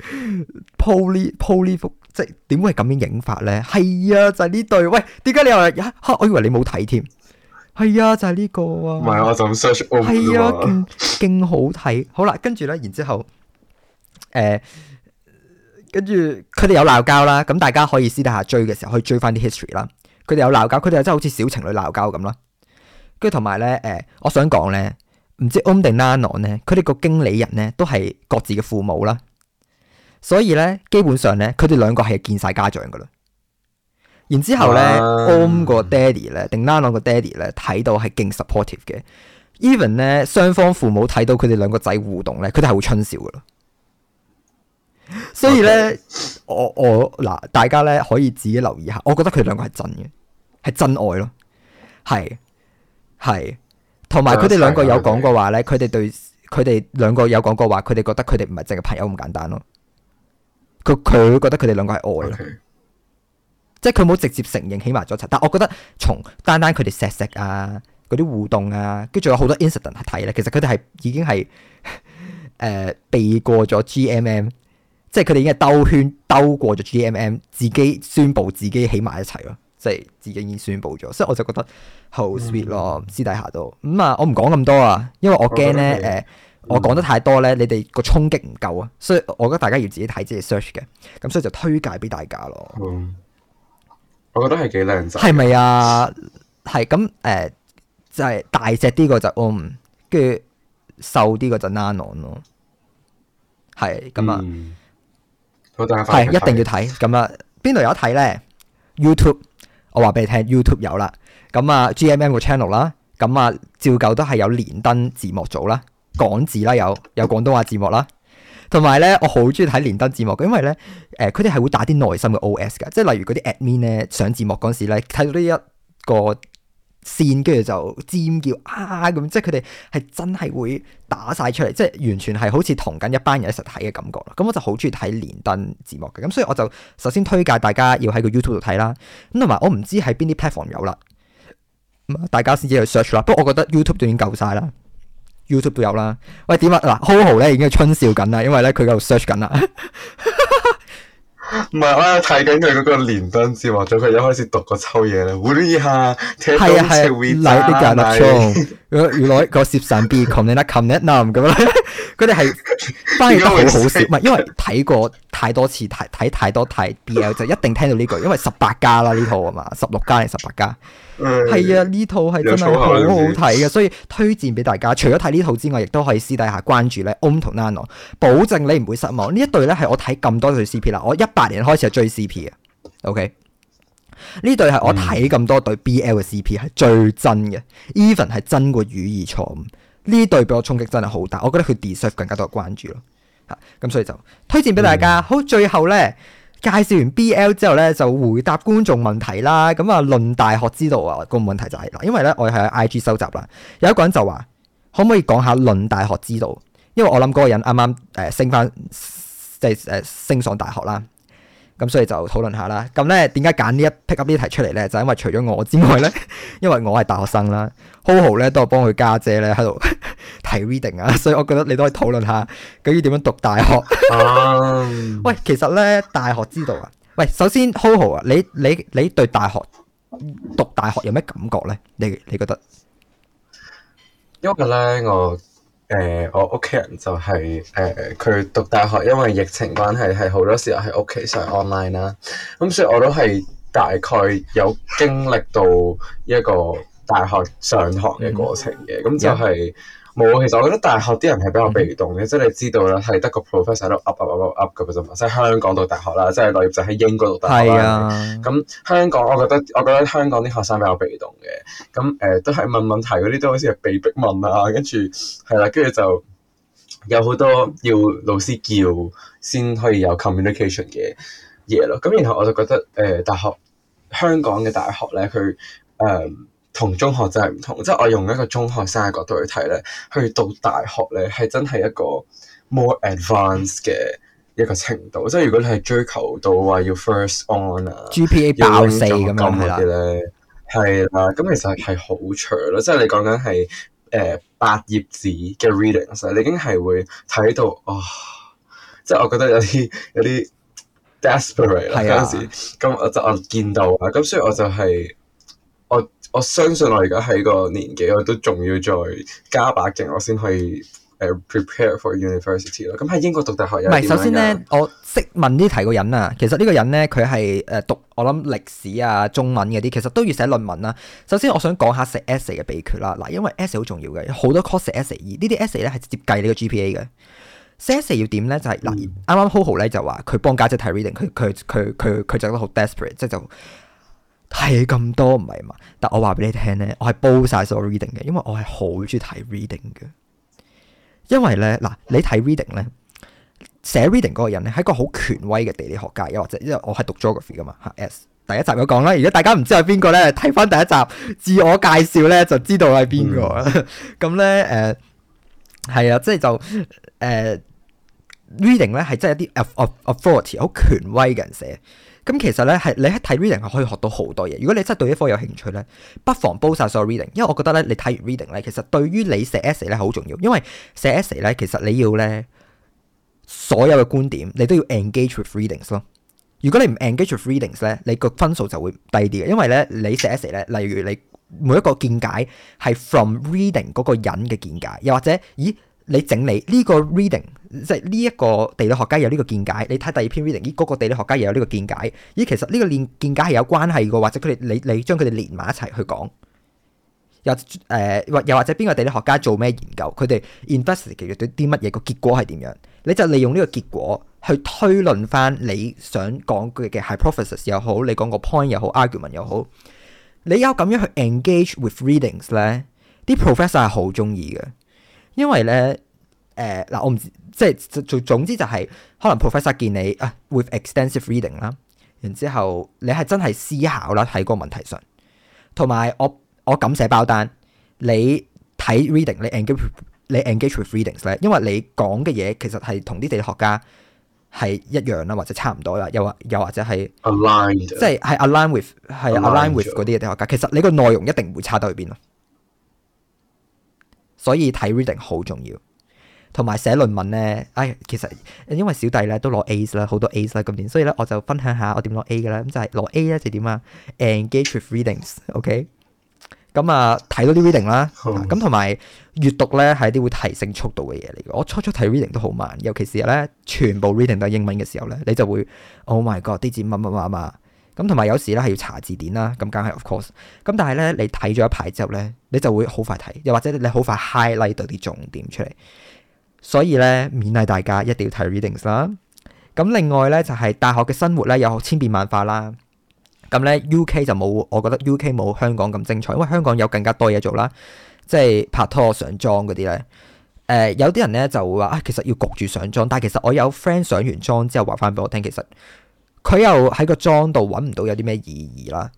鋪呢鋪呢幅即係點會係咁樣影法咧？係啊，就係呢對。喂，點解你又嚟？吓，我以為你冇睇添。係啊，就係呢個啊。唔係，我就 search open。係啊，勁勁好睇。好啦，跟住咧，然之後誒，跟住佢哋有鬧交啦。咁大家可以私底下追嘅時候，可以追翻啲 history 啦。佢哋有鬧交，佢哋又真係好似小情侶鬧交咁啦。跟住同埋咧，誒，我想講咧。唔知 Om 定 Nano 咧，佢哋個經理人咧都係各自嘅父母啦，所以咧基本上咧，佢哋兩個係見晒家長噶啦。然之後咧，啊，Om 個 Daddy 咧，定 Nano 個 Daddy 咧，睇到係勁 supportive 嘅。Even 咧，雙方父母睇到佢哋兩個仔互動咧，佢哋係好春笑噶啦。所以咧 Okay.，我我嗱，大家咧可以自己留意下，我覺得佢哋兩個係真嘅，係真愛咯，係係。同埋佢哋兩個有講過話咧，佢哋對佢哋兩個有講過話，佢哋覺得佢哋唔係淨係朋友咁簡單咯。佢佢覺得佢哋兩個係愛咯，Okay. 即係佢冇直接承認起埋咗一齊。但我覺得從單單佢哋錫錫啊嗰啲互動啊，跟住仲有好多 incident 去睇咧，其實佢哋係已經係誒、呃、避過咗 GMM，即係佢哋已經係兜圈兜過咗 GMM，自己宣佈自己起埋一齊咯。即係自己已經宣布咗，所以我就覺得好 sweet 咯，嗯、私底下都咁啊！我唔講咁多啊，因為我驚咧誒，我講得太多咧，嗯、你哋個衝擊唔夠啊，所以我覺得大家要自己睇自己 search 嘅，咁所以就推介俾大家咯、嗯。我覺得係幾靚仔，係咪啊？係咁誒，就係、是、大隻啲個就 on 跟住瘦啲個就 nano 咯，係咁啊。好大、嗯，係一,一定要睇咁啊！邊度有得睇咧？YouTube。我話俾你聽，YouTube 有啦，咁啊 GMM 個 channel 啦，咁啊照舊都係有連登字幕組啦，港字啦有，有廣東話字幕啦，同埋咧我好中意睇連登字幕嘅，因為咧誒佢哋係會打啲內心嘅 OS 㗎，即係例如嗰啲 admin 咧上字幕嗰時咧睇到呢一個線，跟住就尖叫啊！咁即係佢哋係真係會打晒出嚟，即係完全係好似同緊一班人一齊睇嘅感覺咯。咁我就好中意睇連登字幕嘅，咁所以我就首先推介大家要喺個 YouTube 度睇啦。咁同埋我唔知喺邊啲 platform 有啦，大家先至去 search 啦。不過我覺得 YouTube 已經夠晒啦，YouTube 都有啦。喂，點啊？嗱、呃、Ho Ho 咧已經係春笑緊啦，因為咧佢喺度 search 緊啦。 唔係，我有睇緊佢嗰個《蓮燈之王》，咁佢一開始讀個抽嘢啦，唥下聽到即係 We are not alone 原來， 來個攝神 become 你得 come at 咁樣，佢哋係翻譯得好好笑。唔係因為睇過太多次，睇睇太，太多睇 BL 就一定聽到呢句，因為十八加啦呢套啊嘛，十六加定十八加。係啊，呢套係真係好好睇嘅，所以推薦俾大家。除咗睇呢套之外，亦都可以私底下關注咧。Ohm 同 Nano，保證你唔會失望。呢一對咧係我睇咁多對 CP 啦，我一八年開始就追 CP 嘅。OK，呢對係我睇咁多對 BL 嘅 CP 係最真嘅，even 係真過語義錯誤。呢對俾我衝擊真係好大，我覺得佢 deserve 更加多關注咯。吓，咁所以就推薦俾大家。嗯、好，最後咧。介紹完 B L 之後咧，就回答觀眾問題啦。咁啊，論大學之道啊，那個問題就係、是、啦，因為咧我係喺 I G 收集啦，有一個人就話，可唔可以講下論大學之道？因為我諗嗰個人啱啱誒升翻，即係誒、呃、升上大學啦。咁所以就討論下啦。咁咧，點解揀呢一 pick up 呢啲題出嚟咧？就是、因為除咗我之外咧，因為我係大學生啦，Ho Ho 咧都係幫佢家姐咧喺度。睇 reading 啊，所以我覺得你都可以討論下，究竟點樣讀大學。 um, 喂，其實咧，大學知道啊，喂，首先 Ho Ho 啊，你你你對大學讀大學有咩感覺咧？你你覺得？因為咧，我誒、呃，我屋企人就係、是、誒，佢、呃、讀大學，因為疫情關係，係好多時候喺屋企上 online 啦。咁所以我都係大概有經歷到一個大學上學嘅過程嘅，咁、mm hmm. 就係、是。Yeah. 冇，其實我覺得大學啲人係比較被動嘅，嗯、即係你知道啦，係得個 professor 喺度噏噏噏噏噏咁嘅啫嘛。即、就、係、是、香港讀大學啦，即係內業仔喺英國讀大學啊，咁香港我覺得，我覺得香港啲學生比較被動嘅。咁誒、呃、都係問問題嗰啲都好似係被逼問啊，跟住係啦，跟住就有好多要老師叫先可以有 communication 嘅嘢咯。咁然後我就覺得誒、呃、大學香港嘅大學咧，佢誒。嗯同中學真係唔同，即係我用一個中學生嘅角度去睇咧，去到大學咧係真係一個 more advanced 嘅一個程度。即係如果你係追求到話要 first on 啊，GPA 爆四咁啲啦，係啦。咁的其實係好長咯，即係你講緊係誒八頁紙嘅 reading，其實你已經係會睇到啊、哦，即係我覺得有啲有啲 desperate 啦嗰陣的時。咁我就我見到啊。咁所以我就係、是。我相信我而家喺個年紀，我都仲要再加把勁，我先可以誒、uh, prepare for university 咯。咁喺英國讀大學又唔係？首先咧，我識問呢題個人啊。其實呢個人咧，佢係誒讀我諗歷史啊、中文嗰啲，其實都要寫論文啦。首先，我想講下寫 essay 嘅秘訣啦。嗱，因為 essay 好重要嘅，好多 course essay，呢啲 essay 咧係直接計你嘅 GPA 嘅。寫 essay 要點咧？就係、是、嗱，啱啱 Hoho 咧就話佢幫家姐睇 reading，佢佢佢佢佢就覺得好 desperate，即係就。係咁多唔係嘛，但我話俾你聽咧，我係煲晒所有 reading 嘅，因為我係好中意睇 reading 嘅。因為咧，嗱，你睇 reading 咧，寫 reading 嗰個人咧係一個好權威嘅地理學家，又或者因為我係讀 geography 噶嘛吓。S, 第一集有講啦，如果大家唔知係邊個咧，睇翻第一集自我介紹咧，就知道係邊個。咁咧、嗯，誒， 係、呃、啊，即係就，誒、呃、，reading 咧係即係一啲 of authority 好權威嘅人寫。咁其實咧係你喺睇 reading 係可以學到好多嘢。如果你真係對呢科有興趣咧，不妨煲晒所有 reading，因為我覺得咧你睇完 reading 咧，其實對於你寫 essay 咧好重要。因為寫 essay 咧，其實你要咧所有嘅觀點，你都要 engage with readings 咯。如果你唔 engage with readings 咧，你個分數就會低啲嘅。因為咧你寫 essay 咧，例如你每一個見解係 from reading 嗰個人嘅見解，又或者咦？你整理呢、這個 reading，即係呢一個地理學家有呢個見解，你睇第二篇 reading，咦嗰個地理學家又有呢個見解，咦其實呢個見見解係有關係個，或者佢哋你你將佢哋連埋一齊去講，又誒或又或者邊、呃、個地理學家做咩研究，佢哋 investigate 對啲乜嘢個結果係點樣，你就利用呢個結果去推論翻你想講佢嘅 hypothesis 又好，你講個 point 又好 argument 又好，你有咁樣去 engage with readings 咧，啲 professor 係好中意嘅。因為咧，誒、呃、嗱，我唔知即係總之就係、是、可能 professor 見你啊，with extensive reading 啦，然之後你係真係思考啦喺嗰個問題上，同埋我我咁寫包單，你睇 reading，你 engage 你 engage with readings 咧，因為你講嘅嘢其實係同啲地理學家係一樣啦，或者差唔多啦，又或又或者係 aligned，即係係 aligned with 係 aligned with 嗰啲地理學家，其實你個內容一定唔會差得去邊咯。所以睇 reading 好重要，同埋寫論文咧。哎，其實因為小弟咧都攞 A 啦，好多 A 啦今年，所以咧我就分享下我點攞 A 嘅啦。咁就係攞 A 咧就點啊，engage with readings。OK，咁啊睇多啲 reading 啦。咁同埋閱讀咧係啲會提升速度嘅嘢嚟。我初初睇 reading 都好慢，尤其是咧全部 reading 都係英文嘅時候咧，你就會 Oh my God，啲字乜乜乜乜。咁同埋有時咧係要查字典啦，咁梗係 of course。咁但係咧，你睇咗一排之後咧，你就會好快睇，又或者你好快 highlight 到啲重點出嚟。所以咧，勉勵大家一定要睇 readings 啦。咁另外咧就係大學嘅生活咧有千變萬化啦。咁咧 UK 就冇，我覺得 UK 冇香港咁精彩，因為香港有更加多嘢做啦，即係拍拖、上妝嗰啲咧。誒、呃、有啲人咧就會話啊，其實要焗住上妝，但係其實我有 friend 上完妝之後話翻俾我聽，其實。佢又喺個莊度揾唔到有啲咩意義啦，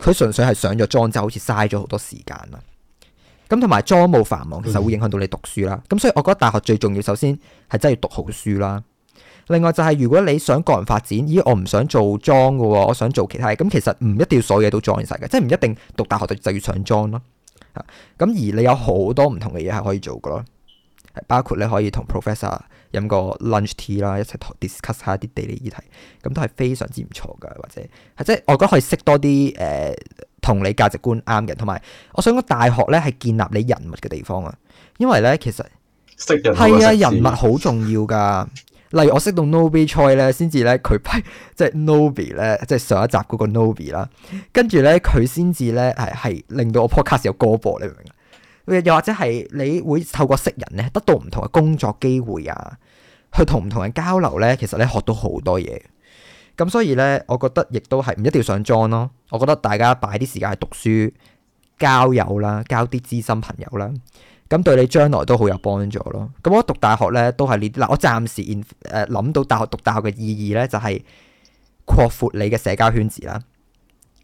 佢純粹係上咗莊之後，好似嘥咗好多時間啦。咁同埋莊務繁忙，其實會影響到你讀書啦。咁、嗯、所以我覺得大學最重要，首先係真係要讀好書啦。另外就係如果你想個人發展，咦我唔想做莊嘅喎，我想做其他嘢。咁其實唔一定要所有嘢都莊晒嘅，即係唔一定讀大學就就要上莊咯。咁而你有好多唔同嘅嘢係可以做嘅咯，包括你可以同 professor。飲個 lunch tea 啦，一齊 discuss 一下啲地理議題，咁都係非常之唔錯噶。或者係即係我覺得可以識多啲誒同你價值觀啱嘅，同埋我想講大學咧係建立你人物嘅地方啊。因為咧其實識人係啊，人物好重要噶。例如我識到 Nobby Choi 咧，先至咧佢批即係 Nobby 咧，即係、 就是、上一集嗰個 Nobby 啦。跟住咧佢先至咧係係令到我 podcast 有歌播，你明唔明？又或者係你會透過識人咧得到唔同嘅工作機會啊。去同唔同人交流咧，其實咧學到好多嘢。咁所以咧，我覺得亦都係唔一定要上莊咯。我覺得大家擺啲時間去讀書、交友啦，交啲知心朋友啦，咁對你將來都好有幫助咯。咁我讀大學咧都係呢啲嗱。我暫時現誒諗到大學讀大學嘅意義咧，就係擴闊你嘅社交圈子啦，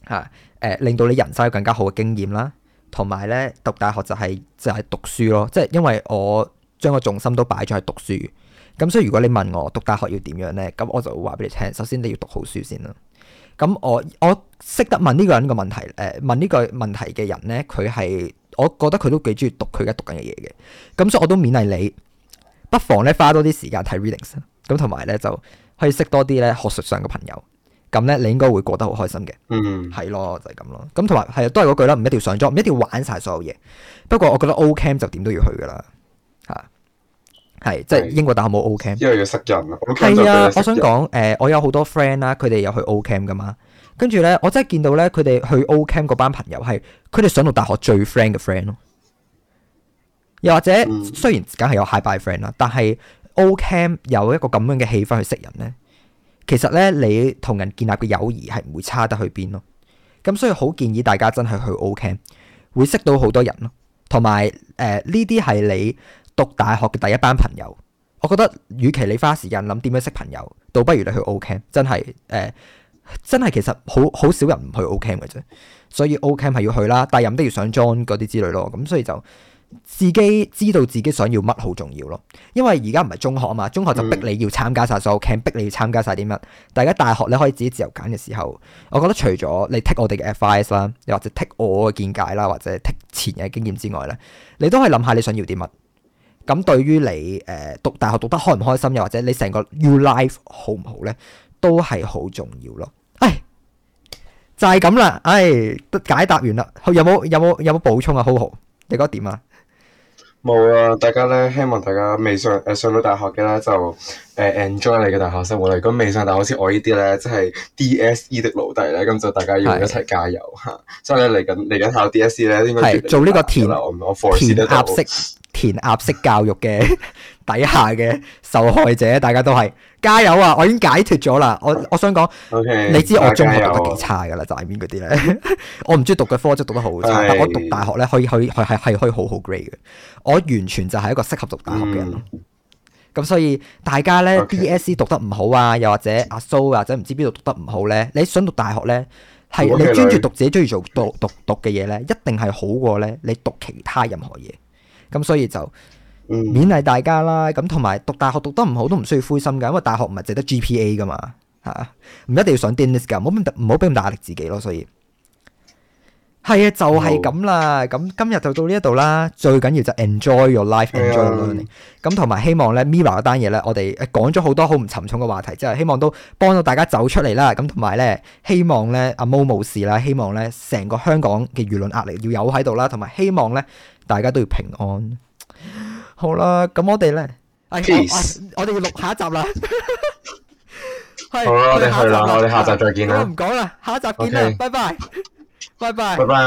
吓、啊、誒、呃，令到你人生有更加好嘅經驗啦。同埋咧，讀大學就係、是、就係、是、讀書咯，即係因為我將個重心都擺咗喺讀書。咁所以如果你問我讀大學要點樣咧，咁我就會話俾你聽。首先你要讀好書先啦。咁我我識得問呢個人問問個問題，誒問呢個問題嘅人咧，佢係我覺得佢都幾中意讀佢而家讀緊嘅嘢嘅。咁所以我都勉勵你，不妨咧花多啲時間睇 readings。咁同埋咧就可以識多啲咧學術上嘅朋友。咁咧你應該會過得好開心嘅。嗯、mm，係、hmm. 咯就係咁咯。咁同埋係都係嗰句啦，唔一定要上莊，唔一定要玩晒所有嘢。不過我覺得 Ocamp 就點都要去噶啦，吓。係，即係英國大學冇 O Camp 因為要識人,、啊、人。係啊，我想講，誒、呃，我有好多 friend 啦，佢哋有去 O Camp 噶嘛，跟住咧，我真係見到咧，佢哋去 O Camp 嗰班朋友係，佢哋上到大學最 friend 嘅 friend 咯、哦。又或者，嗯、雖然梗係有 hi-bye friend 啦，但係 O Camp 有一個咁樣嘅氣氛去識人咧，其實咧，你同人建立嘅友誼係唔會差得去邊咯。咁所以好建議大家真係去 O Camp 會識到好多人咯，同埋誒呢啲係你。讀大學嘅第一班朋友，我覺得與其你花時間諗點樣識朋友，倒不如你去 O camp，真係，誒、呃，真係其實好好少人唔去 O camp 嘅啫。所以 O camp 係要去啦，但係任都要上 join 嗰啲之類咯。咁所以就自己知道自己想要乜好重要咯。因為而家唔係中學啊嘛，中學就逼你要參加晒所有 O camp，逼你要參加晒啲乜。但係而家大學你可以自己自由揀嘅時候，我覺得除咗你 take 我哋嘅 advice 啦，又或者 take 我嘅見解啦，或者 take 前嘅經驗之外咧，你都係諗下你想要啲乜。咁對於你誒讀大學讀得開唔開心，又或者你成個 U life 好唔好咧，都係好重要咯。唉，就係咁啦。唉，都解答完啦。有冇有冇有冇補充啊？好豪，你覺得點啊？冇啊！大家咧，希望大家未上誒、呃、上到大學嘅咧，就誒、呃、enjoy 你嘅大學生活嚟。如果未上大學好似我呢啲咧，即係 DSE 的奴隸咧，咁就大家要一齊加油嚇。即係咧，嚟緊嚟緊考 DSE 咧，應該係做呢個填鴨式很。填鴨式教育嘅 底下嘅受害者，大家都係加油啊！我已經解脱咗啦。我我想講，okay, 你知我中學讀得幾差噶啦，就係邊嗰啲咧。 我唔中意讀嘅科，即係讀得好差。But 但我讀大學咧，可以可以係係可以好好 great 嘅。我完全就係一個適合讀大學嘅人。咁、mm. 所以大家咧 Okay.，DSE 讀得唔好啊，又或者阿蘇或者唔知邊度讀得唔好咧，你想讀大學咧，係你專注讀自己中意做讀讀讀嘅嘢咧，一定係好過咧你讀其他任何嘢。咁所以就勉勵大家啦，咁同埋讀大學讀得唔好都唔需要灰心噶，因為大學唔係淨係得 GPA 噶嘛，吓唔一定要上 Dennis 噶，唔好唔好俾咁大壓力自己咯。所以係啊，就係咁啦。咁今日就到呢一度啦。最緊要就 enjoy your life，enjoy，咁同埋希望咧 Mirror 嗰單嘢咧，我哋講咗好多好唔沉重嘅話題，即係希望都幫到大家走出嚟啦。咁同埋咧，希望咧阿 Mo 無事啦，希望咧成個香港嘅輿論壓力要有喺度啦，同埋希望咧。大家都要平安。好啦，咁我哋咧，我哋要錄下一集啦。好啦，我哋去啦，我哋下集再見啦。我唔講啦，下一集見啦，拜拜，拜拜，拜拜。